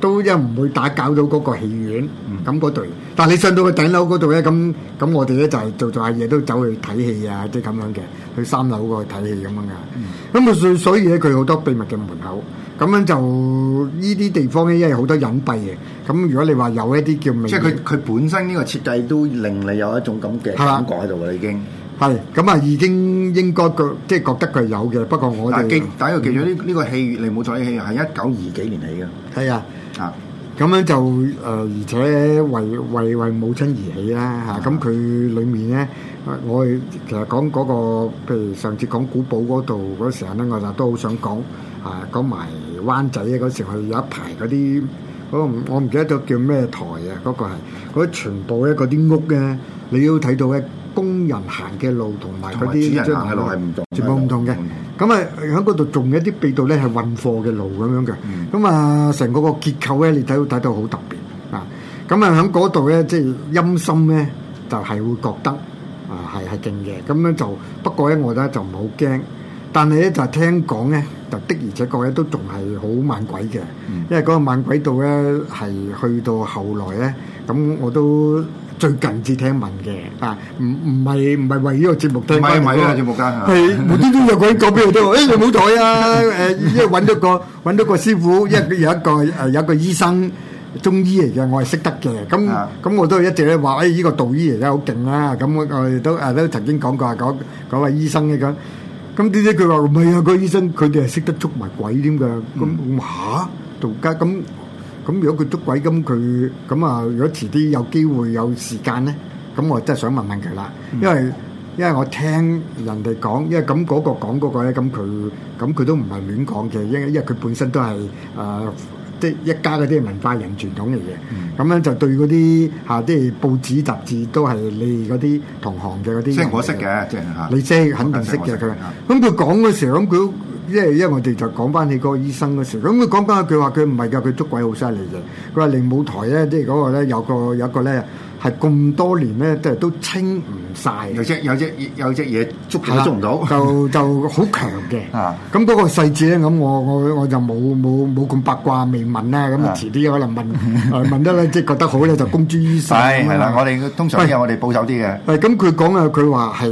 都一唔會打攪到嗰個戲院咁嗰隊。但係你上到去頂樓嗰度咧，咁咁我哋咧就係做做下嘢都走去睇戲啊，即係咁樣嘅去三樓嗰度睇戲咁樣噶。咁啊，所所以咧佢好多秘密嘅門口。咁樣就依啲地方咧，因為好多隱蔽嘅。咁如果你話有一啲叫，即係佢佢本身呢個設計都令你有一種咁嘅感覺喺度啦，已經。係，咁啊已經應該覺即係覺得佢係有嘅。不過我哋第一個記咗呢呢個戲院利舞台戲院係一九二幾年起㗎。係啊。啊。咁樣就誒，而且為為為母親而起啦嚇。咁佢裡面咧，我其實講嗰個譬如上次講古堡嗰度嗰時候咧，我就都好想講啊，講埋。灣仔啊，嗰時係有一排嗰啲，嗰個我唔記得咗叫咩台啊，嗰、那個係啲、那個、全部咧嗰啲屋咧，你都睇到咧工人行嘅路同埋嗰啲，人行嘅路係唔同，全部唔同嘅。咁啊喺嗰度仲有一啲秘道咧，係運貨嘅路咁樣嘅。咁啊成嗰個結構咧，你睇到睇到好特別啊。咁啊喺嗰度咧，即、就、係、是、陰森咧，就係、是、會覺得啊係係勁嘅。咁咧就，就不過咧，我咧就唔好驚。但係咧就聽講咧，就的而且確咧都仲係好猛鬼嘅，因為嗰個猛鬼度咧係去到後來咧，咁我都最近至聽聞嘅。啊，唔唔係唔係為呢個節目，對，咪咪啦節目家，係無端端就講講俾我聽，誒你唔好在啊！誒，因為揾到個揾到個師傅，因為佢有一個誒有一個醫生中醫嚟嘅，我係識得嘅。咁咁我都一直咧話，誒呢個道醫嚟嘅好勁啦。咁我亦都誒都曾經講過，講講個醫生嘅咁。咁點知佢話唔係啊，個醫生佢哋係識得捉埋鬼添嘅。咁嚇道家咁咁，如果佢捉鬼咁佢咁啊，如果遲啲有機會有時間咧，咁我真係想問問佢啦。因為因為我聽人哋講，因為咁嗰個講嗰個咧，咁佢咁佢都唔係亂講嘅，因因為佢本身都係誒。即係一家嗰啲文化人傳統嚟嘅，咁樣、嗯、就對嗰啲嚇，即、啊、係報紙雜誌都係你嗰啲同行嘅嗰啲。即係我識嘅，你即係肯定識嘅佢。咁佢是講嘅時候咁，佢即係因為我哋就講翻起嗰個醫生嘅時候。咁佢講翻一句話，佢唔係㗎，佢捉鬼好犀利嘅。佢話利舞台咧，即係嗰個咧有一個有一個咧係咁多年咧，即係都清曬有隻有隻有隻嘢捉唔到，就就好強嘅。咁嗰個細節咧，咁我我我就冇冇冇咁八卦、未問啦。咁啊，遲啲可能問問得咧，即係覺得好咧，就公諸於世。係係啦，我哋通常都有我哋保守啲嘅。係咁，佢講啊，佢話係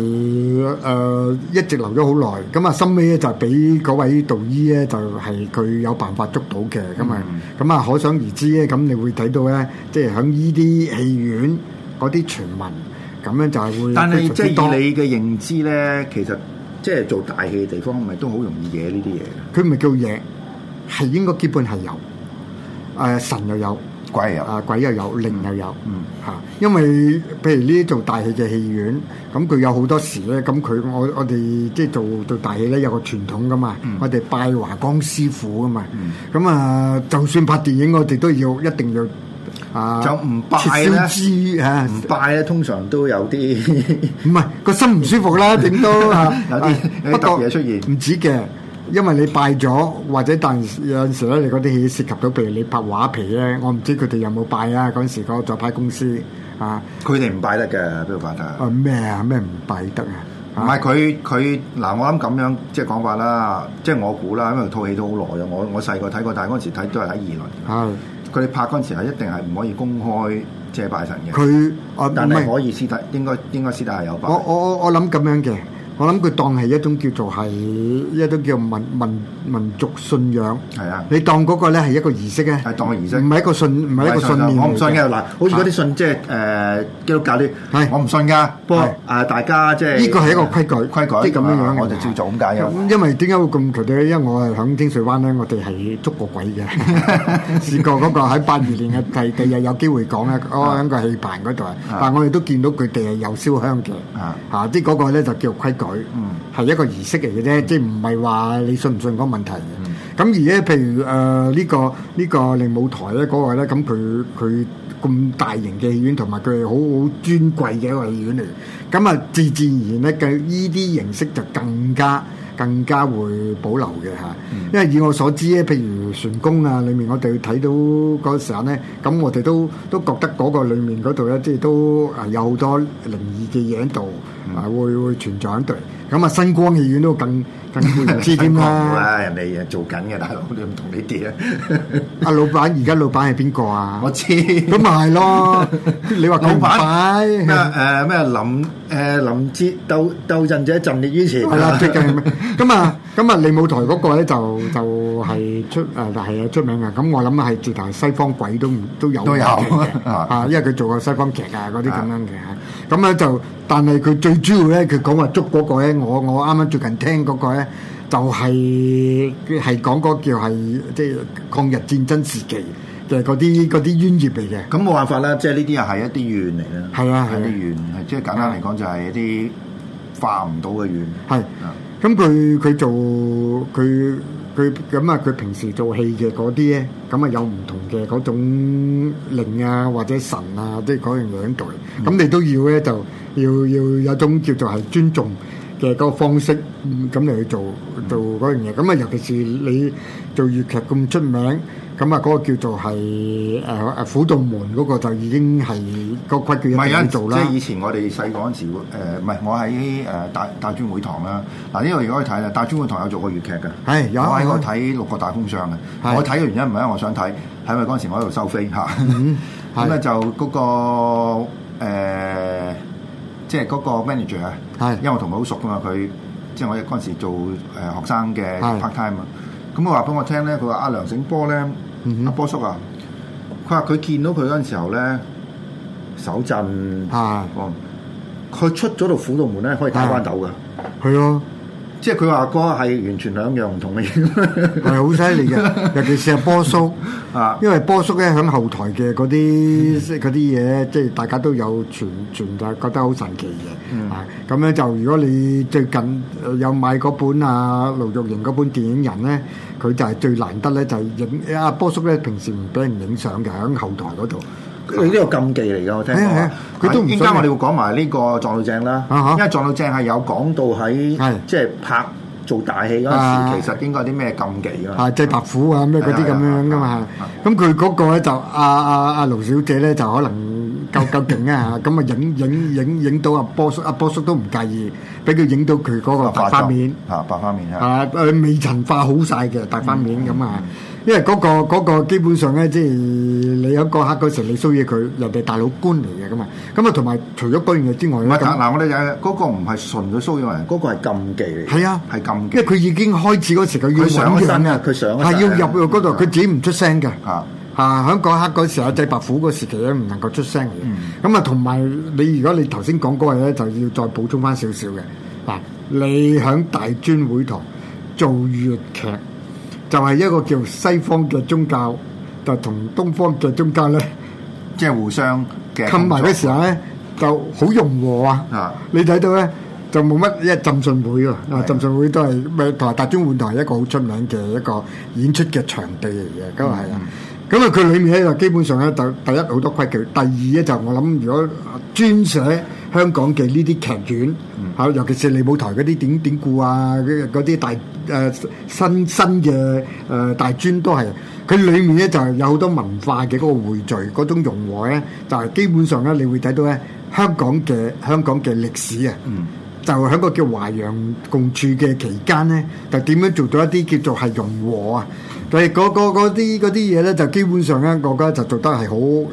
誒一直留咗好耐。咁啊，後尾咧就俾嗰位導醫咧，就係佢有辦法捉到嘅。咁啊，咁啊，可想而知咧，咁你會睇到咧，即係喺依啲戲院嗰啲傳聞。咁樣就係會，但係即係以你嘅認知咧，其實即係做大戲嘅地方，咪都好容易惹呢啲嘢。佢唔係叫惹，係應該基本係有。誒、呃、神又有，鬼又有，啊、呃、鬼又有，靈又有，嗯嚇。嗯，因為譬如呢啲做大戲嘅戲院，咁佢有好多時咧，咁佢我我哋即係做做大戲咧，有個傳統噶嘛。嗯、我哋拜華光師傅噶嘛。咁啊、嗯，嗯、就算拍電影，我哋都要一定要。就唔、啊、拜咧，唔、啊、拜咧通常都有啲唔係個心唔舒服啦，點都 有啲有啲特別嘢出現。唔 過止嘅，因為你拜咗或者但有陣時咧，你嗰啲戲涉及到，譬如你拍畫皮咧，我唔知佢哋有冇拜啊。嗰陣時個作派公司啊，佢哋唔拜得嘅，邊度、啊、拜得？啊咩啊？咩唔拜得啊？唔係佢佢嗱，我諗咁樣即係講法啦，即係我估啦，因為套戲都好耐啊。我我細個睇過，但係嗰陣時睇都係喺二輪。佢拍嗰陣時係一定係唔可以公開借拜神嘅。佢，啊、但係可以私底，唔係，應該應該私底下有拜。我我我我諗咁樣嘅。我諗佢當係一種叫做係一種叫民民民族信仰。係啊，你當嗰個咧係一個儀式咧，係當個儀式，唔係一個信唔係一個信念。我唔信嘅。嗱，好似嗰啲信，即係誒基督教啲。係，我唔信㗎。不過誒，大家即係呢個係一個規矩，規矩啲咁樣樣嘅。我哋照做咁解嘅。因為點解會咁佢咧？因為我係響清水灣咧，我哋係捉過鬼嘅。試過嗰個喺八二年嘅第第日有機會講咧，我喺個戲棚嗰度啊，但係我哋都見到佢哋係有燒香嘅。啊，嚇！即嗰個咧就叫規矩。佢，嗯，係一個儀式嚟嘅啫，即係唔係話你信唔信個問題。咁、嗯、而咧，譬如誒呢、呃呢個呢個、個呢個利舞台咧嗰個咧，咁佢佢咁大型嘅戲院，同埋佢係好好尊貴嘅一個戲院嚟。咁啊，自自然然咧，嘅呢啲形式就更加。更加會保留嘅嚇，因為以我所知咧，譬如船工啊，裡面我哋睇到嗰時候咧，咁我哋都都覺得嗰個裡面嗰度咧，即係都啊有好多靈異嘅嘢喺度，啊會會存在喺度。咁啊，新光戲院都更更唔知點啦。人哋誒做緊嘅，大佬你唔同呢啲啊。阿老闆而家老闆係邊個啊？我知，咁咪係咯。你話老闆誒誒咩林誒林芝鬥鬥陣者盡烈於前係啦，最近咁啊咁啊，利舞台嗰個咧就就係出誒係啊出名嘅。咁我諗係直頭西方鬼都唔都有都有啊，因為佢做過西方劇啊嗰啲咁樣嘅嚇。咁咧就但係佢最主要咧，佢講話捉嗰個咧。我我啱啱最近聽嗰個咧，就係係講嗰叫係即係抗日戰爭時期嘅嗰啲嗰啲冤孽嚟嘅。咁冇辦法啦，即係呢啲又係一啲怨嚟嘅。係啊，係一啲怨，係即係簡單嚟講就係一啲化唔到嘅怨。係啊，咁佢佢做佢佢咁啊，佢平時做戲嘅嗰啲咧，咁啊有唔同嘅嗰種靈啊或者神啊，即係嗰樣兩度嚟，咁你都要咧，就要要有種叫做係尊重。嘅嗰個方式，咁嚟去做做嗰樣嘢。咁啊，尤其是你做粵劇咁出名，咁啊嗰個叫做係誒誒虎度門嗰個就已經係個規矩。唔係有人做啦。即係以前我哋細個嗰陣時，唔、呃、係我喺誒、呃、大大專會堂啦。嗱呢度如果去睇啦，大專會堂有做過粵劇嘅。係有我睇六國大封相嘅。是我睇嘅原因唔係因為我想睇，係因為嗰陣時我喺度收飛吓，咁 咧、嗯、是就嗰、那個、呃即係嗰個 manager 啊，因為我同佢好熟噶嘛，佢即係我哋嗰陣時做誒、呃、學生嘅 part time 啊的，咁佢話俾我聽咧，佢話阿梁醒波咧，阿、嗯、哼波叔啊，佢話佢見到佢嗰陣時候咧，手震，佢的、哦、出咗度虎度門咧，可以打翻斗噶，係啊。即係佢話哥係完全兩樣唔同嘅嘢，係好犀利嘅。尤其是阿波叔啊， 因為波叔咧，喺後台嘅嗰啲嗰啲嘢，即係大家都有傳傳，就覺得好神奇嘅。嗯、啊，咁咧就如果你最近有買嗰本啊，盧玉瑩嗰本《電影人》呢咧，佢就係最難得咧，就係影阿波叔咧，平時唔俾人影相嘅喺後台嗰度。佢呢個禁忌嚟㗎，我聽佢都唔依家我哋會講埋呢個撞到正啦，因為撞到正係有講到喺即係拍做大戲嗰時，其實應該有啲咩禁忌㗎啊，即白虎啊咩嗰啲咁樣㗎嘛。咁佢嗰個咧就阿阿阿盧小姐咧就可能夠夠勁啊！咁啊影影影影到阿波叔，阿波叔都唔介意，俾佢影到佢嗰個白花面。啊，白花面啊！啊，未曾化好晒嘅白花面咁啊。因為嗰、嗰個嗰個基本上咧，即係你有個客嗰時候你騷擾佢，人哋大佬官嚟嘅嘛。咁啊，同埋除咗嗰樣嘢之外咧，嗱我哋又嗰個唔係純粹騷擾人，嗰個係禁忌嚟。係啊，係禁忌。啊、禁忌因為佢已經開始嗰時佢想入嘅，佢想係要入去嗰度，佢自己唔出聲嘅。啊啊！喺嗰客嗰時阿祭、嗯啊啊、白虎嗰時期咧，唔能夠出聲嘅。咁啊、嗯，同埋、嗯、你如果你頭先講嗰樣咧，就要再補充翻少少嘅嗱，你喺大專會堂，啊、專會堂做粵劇。就係一個叫西方嘅宗教，就同東方嘅宗教咧，即係互相嘅冚埋嘅時候咧，就好融和啊！啊，你睇到咧就冇乜一浸信會啊。的浸信會都係利舞台、大專舞台係一個好出名嘅一個演出嘅場地嚟嘅，咁啊係啊，咁啊佢裏面咧就基本上咧第第一好多規矩，第二咧就我諗如果專寫。香港嘅呢啲劇院，嚇，尤其是利舞台嗰啲典典故啊，嗰嗰啲大誒新新嘅誒大專都係，佢裡面咧就係有好多文化嘅嗰個匯聚，嗰種融和咧就係基本上咧，你會睇到咧香港嘅香港嘅歷史啊，就喺個叫華洋共處嘅期間咧，就點樣做到一啲叫做係融和啊！就係嗰個嗰啲嗰啲嘢咧，就基本上咧，國家就做得係好，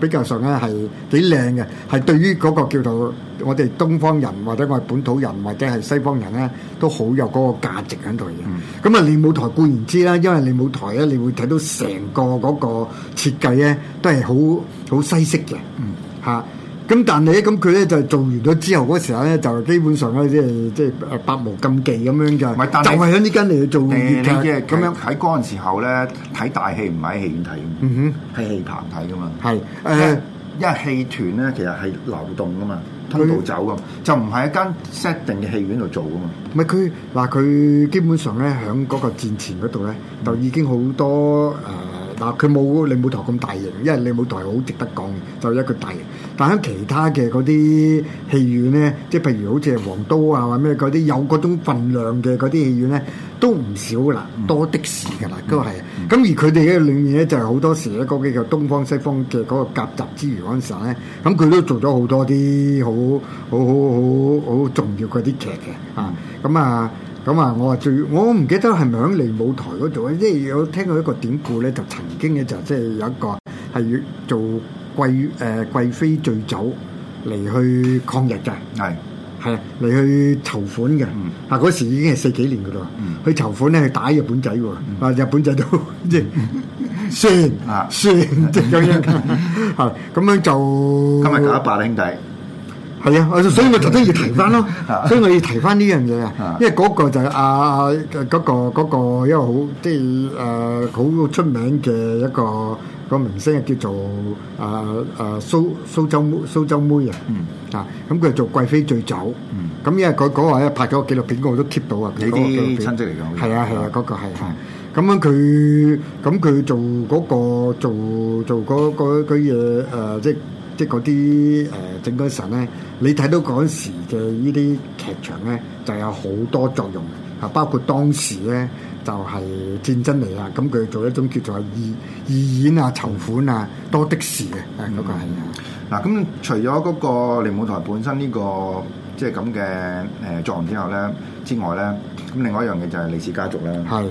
比較上咧係幾靚嘅。係對於嗰個叫做我哋東方人，或者我哋本土人，或者係西方人咧，都好有嗰個價值喺度嘅。咁啊、嗯，利舞台固然之啦，因為利舞台咧，你會睇到成個嗰個設計咧，都係好好西式嘅。嗯，嚇、啊。咁但係咧，咁佢咧就做完咗之後嗰時候咧，就基本上咧即係即係百無禁忌咁樣嘅，就係喺呢間嚟做粵劇。咁樣喺嗰陣時候咧，睇大戲唔係喺戲院睇嘅，係、嗯、哼戲棚睇噶嘛。係誒，因為戲團咧其實係流動噶嘛，通道走噶，嗯、就唔係一間 set 定嘅戲院度做噶嘛。唔係，佢話佢基本上咧喺嗰個戰前嗰度咧，嗯、就已經好多誒。呃嗱，佢冇利舞台咁大型，因為利舞台好值得講，就是、一個大型。但係其他嘅嗰啲戲院咧，即係譬如好似皇都啊、咩嗰啲有嗰種份量嘅嗰啲戲院咧，都唔少噶啦，多的士噶啦，都係。咁、嗯嗯嗯、而佢哋嘅裏面咧，就係、是、好多時嗰幾個嘅東方西方嘅嗰個夾雜之餘嗰陣時候咧，咁佢都做咗好多啲好好好好好重要嗰啲劇嘅、嗯、啊，咁、嗯、啊。嗯咁啊，我啊最，我唔記得係咪喺利舞台嗰度啊。即係有聽過一個典故咧，就曾經咧就即係有一個係要做貴、誒、呃、貴妃醉酒嚟去抗日嘅，係係啊，嚟去籌款嘅，嗱、嗰、嗯啊、時已經係四幾年噶啦，嗯、去籌款咧去打日本仔喎，啊日本仔都即係 算啊，算即係咁樣，係咁、啊、 樣就今日九一八兄弟。係啊，所以我就都要提翻咯， 啊、所以我要提翻呢樣嘢啊，因為嗰個就係、是、啊嗰、那個嗰、那個一個好即係誒好出名嘅一個、那個明星啊，叫做誒誒蘇蘇州蘇州妹啊，啊咁佢做貴妃醉酒，咁、嗯、因為佢、那、嗰個咧、那個、拍咗個紀錄片，我都 keep 到啊。你啲的親戚嚟㗎？係啊係啊，嗰、那個係，咁樣佢咁佢做嗰個做做嗰嗰嗰嘢誒即。即係嗰啲誒整鬼神咧，你睇到嗰陣時嘅呢啲劇場咧，就有好多作用嘅，包括當時咧就係、是、戰爭嚟啦，咁佢做一種叫做義義演啊、籌款啊多的士嘅，誒嗰嗱，咁、嗯、除咗嗰個利舞台本身呢、這個即係咁嘅誒作用之後咧，之外咧，咁另外一樣嘢就係利氏家族咧，係是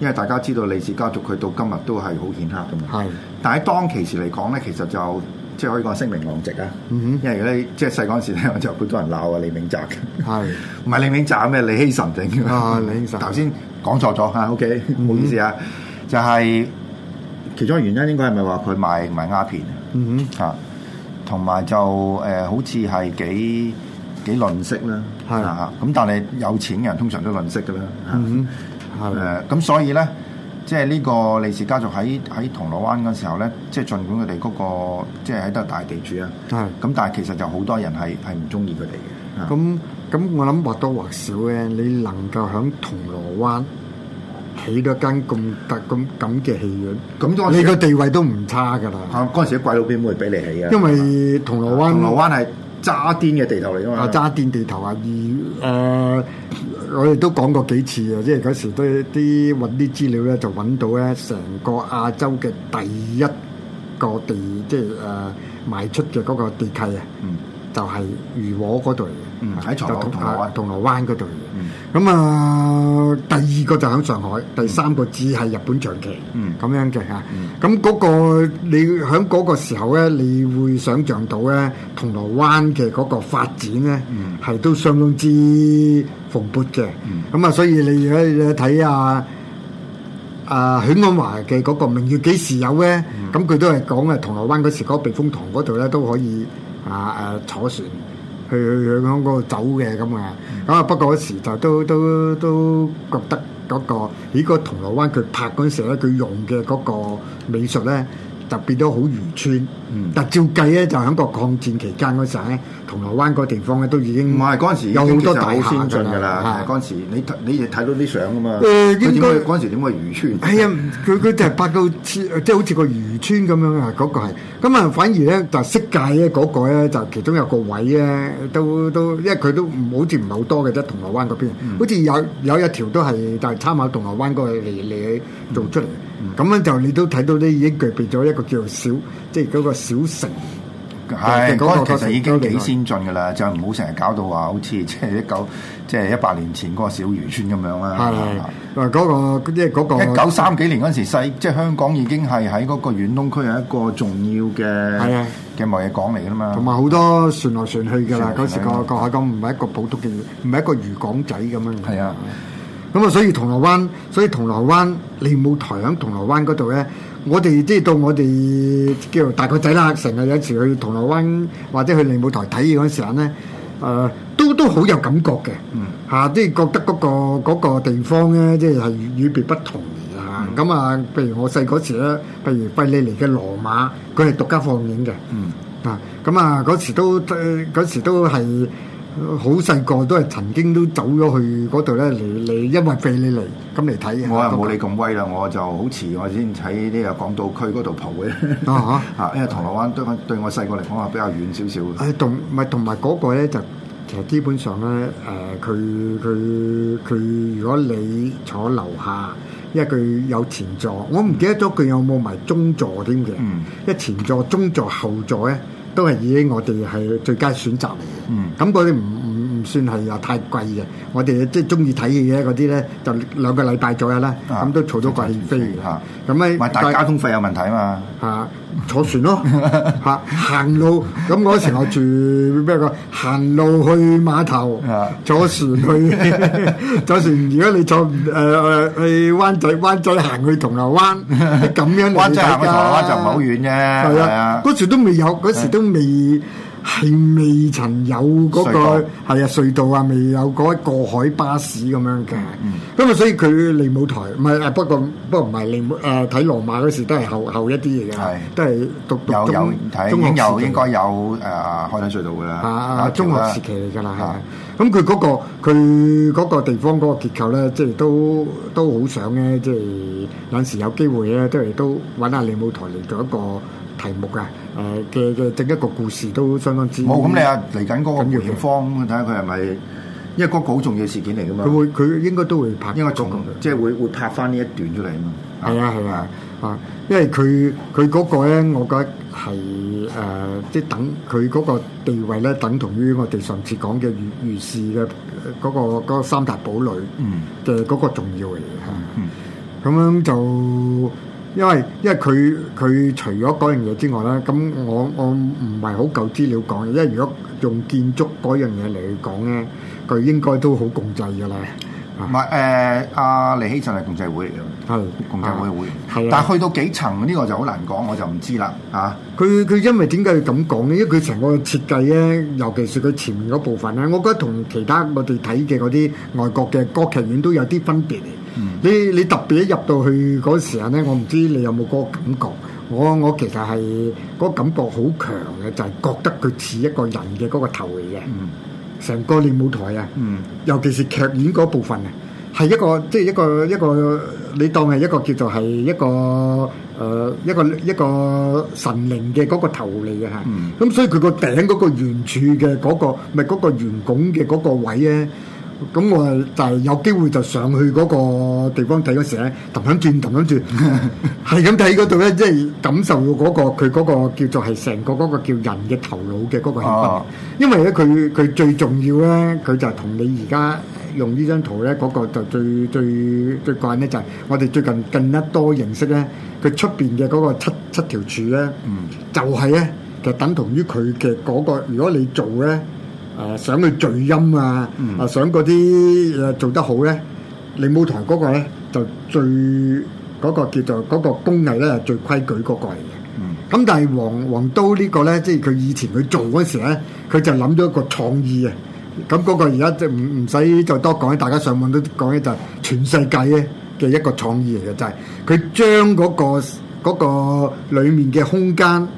因為大家知道利氏家族佢到今日都係好顯赫嘅嘛，是但係當其時嚟講咧，其實就即係可以講聲名狼藉啦，因為如果你即係細嗰陣時咧我就好多人鬧啊李明澤嘅。唔係李明澤咩？李希臣定嘅。啊，李希臣頭先講錯咗，OK，唔好意思啊。就係其中嘅原因，應該係咪話佢賣賣鴉片？嗯哼，啊，同埋就誒，好似係幾幾吝嗇啦。係啊，咁但係有錢人通常都吝嗇㗎啦。嗯哼，係啊，咁所以咧。即係呢個利氏家族喺喺銅鑼灣嗰時候咧，即係儘管佢哋嗰個即係喺度大地主啊，咁但係其實就好多人係係唔中意佢哋嘅。咁咁我諗或多或少咧，你能夠喺銅鑼灣起咗間咁得咁咁嘅戲院，咁你個地位都唔差㗎啦。啊，嗰陣時鬼佬邊會俾你起啊。因為銅鑼灣銅鑼灣係渣甸嘅地頭嚟㗎嘛。渣甸地頭啊，而誒。我哋都講過幾次啊，即係嗰時都啲揾啲資料咧，就揾到咧成個亞洲嘅第一個地，即係誒賣出嘅嗰個地契啊，嗯。就係魚窩嗰度嘅，喺銅鑼灣銅鑼灣嗰度嘅。咁啊，第二個就喺上海，第三個只係日本長期咁樣嘅嚇。咁嗰個你喺嗰個時候咧，你會想像到咧銅鑼灣嘅嗰個發展咧，係都相當之蓬勃嘅。咁啊，所以你睇下啊啊許鞍華嘅嗰個《明月幾時有》咧，咁佢都係講啊銅鑼灣嗰時嗰個避風塘嗰度咧都可以。啊誒，坐船去去響度走嘅咁嘅，咁啊，不過嗰時就都都都覺得嗰個呢個銅鑼灣佢拍嗰陣時咧，佢用嘅嗰個美術咧。特別都好漁村，嗯、但照計咧就喺個抗戰期間嗰陣咧，銅鑼灣嗰地方咧都已經唔係嗰陣時已經有好多大廈，其實好先進㗎啦。嗰陣時你你睇到啲相㗎嘛？誒、呃、應該嗰陣時點解漁村？係啊，佢佢就拍到 即係好似個漁村咁樣啊！嗰、嗰個係咁啊，嗰個、反而咧就係、色戒咧嗰個咧就其中有個位咧都都，因為佢都唔好似唔係好多嘅啫。銅鑼灣嗰邊好似、嗯、有有一條都係就係參考銅鑼灣嗰、嗰個嚟嚟做出嚟。嗯咁樣就你都睇到咧，已經具備咗一個叫做小，即係嗰個小城。係嗰個其實已經幾先進噶啦，就唔好成日搞到話好似即係一九即係一百年前嗰個小漁村咁樣啦。係嗰個即係嗰個一九三幾年嗰陣時，細即係香港已經係喺嗰個遠東區係一個重要嘅係啊嘅貿易港嚟噶嘛。同埋好多船來船去噶啦。嗰時個海港唔係一個普通嘅，唔係一個漁港仔咁樣。係啊。咁啊，所以銅鑼灣，所以銅鑼灣利舞台喺銅鑼灣嗰度咧，我哋即係到我哋叫做大個仔啦，成日有時去銅鑼灣或者去利舞台睇嘢嗰陣時咧，誒、呃、都都好有感覺嘅，嚇、嗯啊！即係覺得嗰、嗰個嗰個地方咧，即係係與別不同而咁、嗯、啊，譬如我細嗰時咧，譬如費里尼嘅《羅馬》，佢係獨家放映嘅，嗯、啊！咁啊，嗰時都嗰時都係。好細個都係曾經都走咗去嗰度咧，嚟嚟因為俾你嚟咁嚟睇。我係冇你咁威啦，我就好遲我先喺呢個港島區嗰度蒲嘅。啊嚇，啊因為銅鑼灣對我細個嚟講話比較遠少少。誒同咪同埋嗰個咧，就其實基本上咧誒，佢佢佢如果你坐樓下，因為佢有前座，我唔記得咗佢有冇埋中座添嘅。嗯，因為前座、中座、後座咧。都係已經我哋係最佳選擇嚟嘅，嗯，咁嗰啲唔。唔算係又太貴嘅，我哋即係中意睇戲嘅嗰啲咧，就兩個禮拜左右啦，咁都儲咗貴飛。咁咪但交通費有問題啊嘛。嚇、就是啊，坐船咯，嚇 行路。咁嗰時我住咩個？行路去碼頭，坐船去，哈哈坐船。如果你坐誒、呃、去灣仔灣，灣再行去銅鑼灣，咁樣嚟大家。灣仔行去銅鑼灣就唔係好遠啫。係啊，嗰的呀時都未有，嗰時都未。係未曾有嗰、那個啊隧道啊隧道，未有過海巴士咁樣嘅。咁啊、嗯，所以佢利舞台唔係誒，不過不過唔係利舞誒，睇羅馬嗰時都係後後一啲嚟嘅，都係讀中中學時有有已經應該有開緊隧道嘅啦。啊，是中學時期嚟㗎啦，係。咁佢嗰個佢嗰個地方嗰個結構咧，即係都都好想咧，即係有時有機會咧，都亦都揾下利舞台嚟做一個題目嘅。誒嘅嘅整一個故事都相當之好。咁你啊嚟緊嗰個梅芳睇下佢係咪因為嗰個好重要事件嚟噶嘛？佢會佢應該都會拍，因為總即係會會拍翻呢一段出嚟啊嘛。係啊係啊啊！因為佢佢嗰個咧，我覺得係誒，即、呃、係、就是、等佢嗰個地位咧，等同於我哋上次講嘅御御史嘅嗰個三大堡壘嘅嗰個重要嚟吓。咁、嗯嗯嗯嗯嗯嗯嗯、樣就。因為因為佢佢除咗嗰樣嘢之外咧，咁我我唔係好夠資料講嘅。因為如果用建築嗰樣嘢嚟講咧，佢應該都好共濟噶啦。唔係誒，阿、嗯呃啊、利希慎係共濟會嚟嘅，係、啊、共濟會會。係啊的，但係去到幾層呢、呢個就好難講，我就唔知啦。啊，佢佢因為點解要咁講咧？因為佢成個設計咧，尤其是佢前面嗰部分咧，我覺得同其他我哋睇嘅嗰啲外國嘅歌劇院都有啲分別。嗯、你你特別一入到去嗰個時間咧，我唔知你有冇嗰個感覺。我我其實係嗰、那個感覺好強嘅，就係、是、覺得佢似一個人嘅嗰個頭嚟嘅。嗯，成個連舞台啊。嗯，尤其是劇院嗰部分啊，係一個即係一個一個，你當係一個叫做係一個誒、呃、一個一個神靈嘅嗰個頭嚟嘅嚇。咁、嗯嗯、所以佢個頂嗰、那個圓柱嘅嗰個咪嗰個圓拱嘅嗰個位咧。咁我就係有機會就上去嗰個地方睇嗰時咧，揼響轉揼響轉，係咁睇嗰度咧，即 係、就係、感受到嗰、嗰個佢嗰個叫做係成個嗰個叫人嘅頭腦嘅嗰個氣氛。啊、因為咧，佢佢最重要咧，佢就係同你而家用呢張圖咧，嗰、嗰個就最最最慣咧，就係、係、我哋最近更加多認識咧，佢出邊嘅嗰個七七條柱咧，嗯、就係咧就等同於佢嘅嗰個，如果你做咧。誒想佢聚音啊！誒想嗰啲誒做得好咧，利舞台嗰個咧就最嗰個叫做嗰個工藝咧，係最規矩嗰個嚟嘅。咁但係黃黃都呢個咧，即係佢以前佢做嗰時咧，佢就諗咗一個創意啊。咁嗰個而家就唔唔使再多講咧，大家上網都講咧，就係全世界咧嘅一個創意嚟嘅，就係佢將嗰個嗰個裡面嘅空間。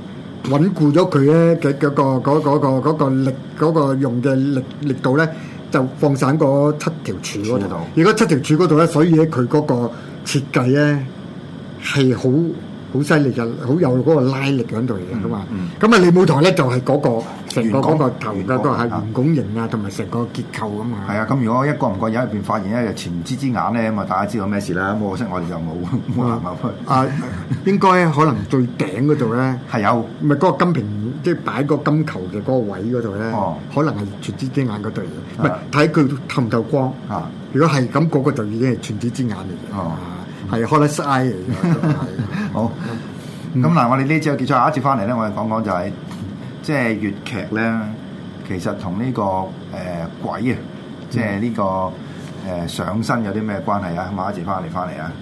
穩固咗佢咧，嘅、嗰、嘅個嗰嗰、嗰個嗰、嗰個力，嗰、嗰個用嘅力力度咧，就放散嗰七條柱嗰度。如果柱七條柱嗰度咧，所以咧佢嗰個設計咧係好。好犀利嘅，好有嗰個拉力響度嚟嘅咁啊！咁啊，利舞台咧就係嗰個成個嗰個頭嘅嗰個係圓拱形啊，同埋成個結構咁啊。係啊！咁如果一個唔覺意入邊發現咧，全知之眼咧咁啊，大家知道咩事啦！咁可惜我哋就冇冇辦法去。啊，應該可能最頂嗰度咧係有，唔係嗰個金瓶，即係擺個金球嘅嗰個位嗰度咧，可能係全知之眼嗰度嚟嘅。唔係睇佢透唔透光啊！如果係咁，嗰個就已經係全知之眼嚟嘅。哦。係開得嘥嚟。 是 好。咁嗱，我哋呢次就結束，下一節翻嚟咧，我哋講講就係、是，即係粵劇咧，其實同呢、這個誒、呃、鬼啊，即係呢個誒、呃、上身有啲咩關係啊？下一節翻嚟，翻嚟啊！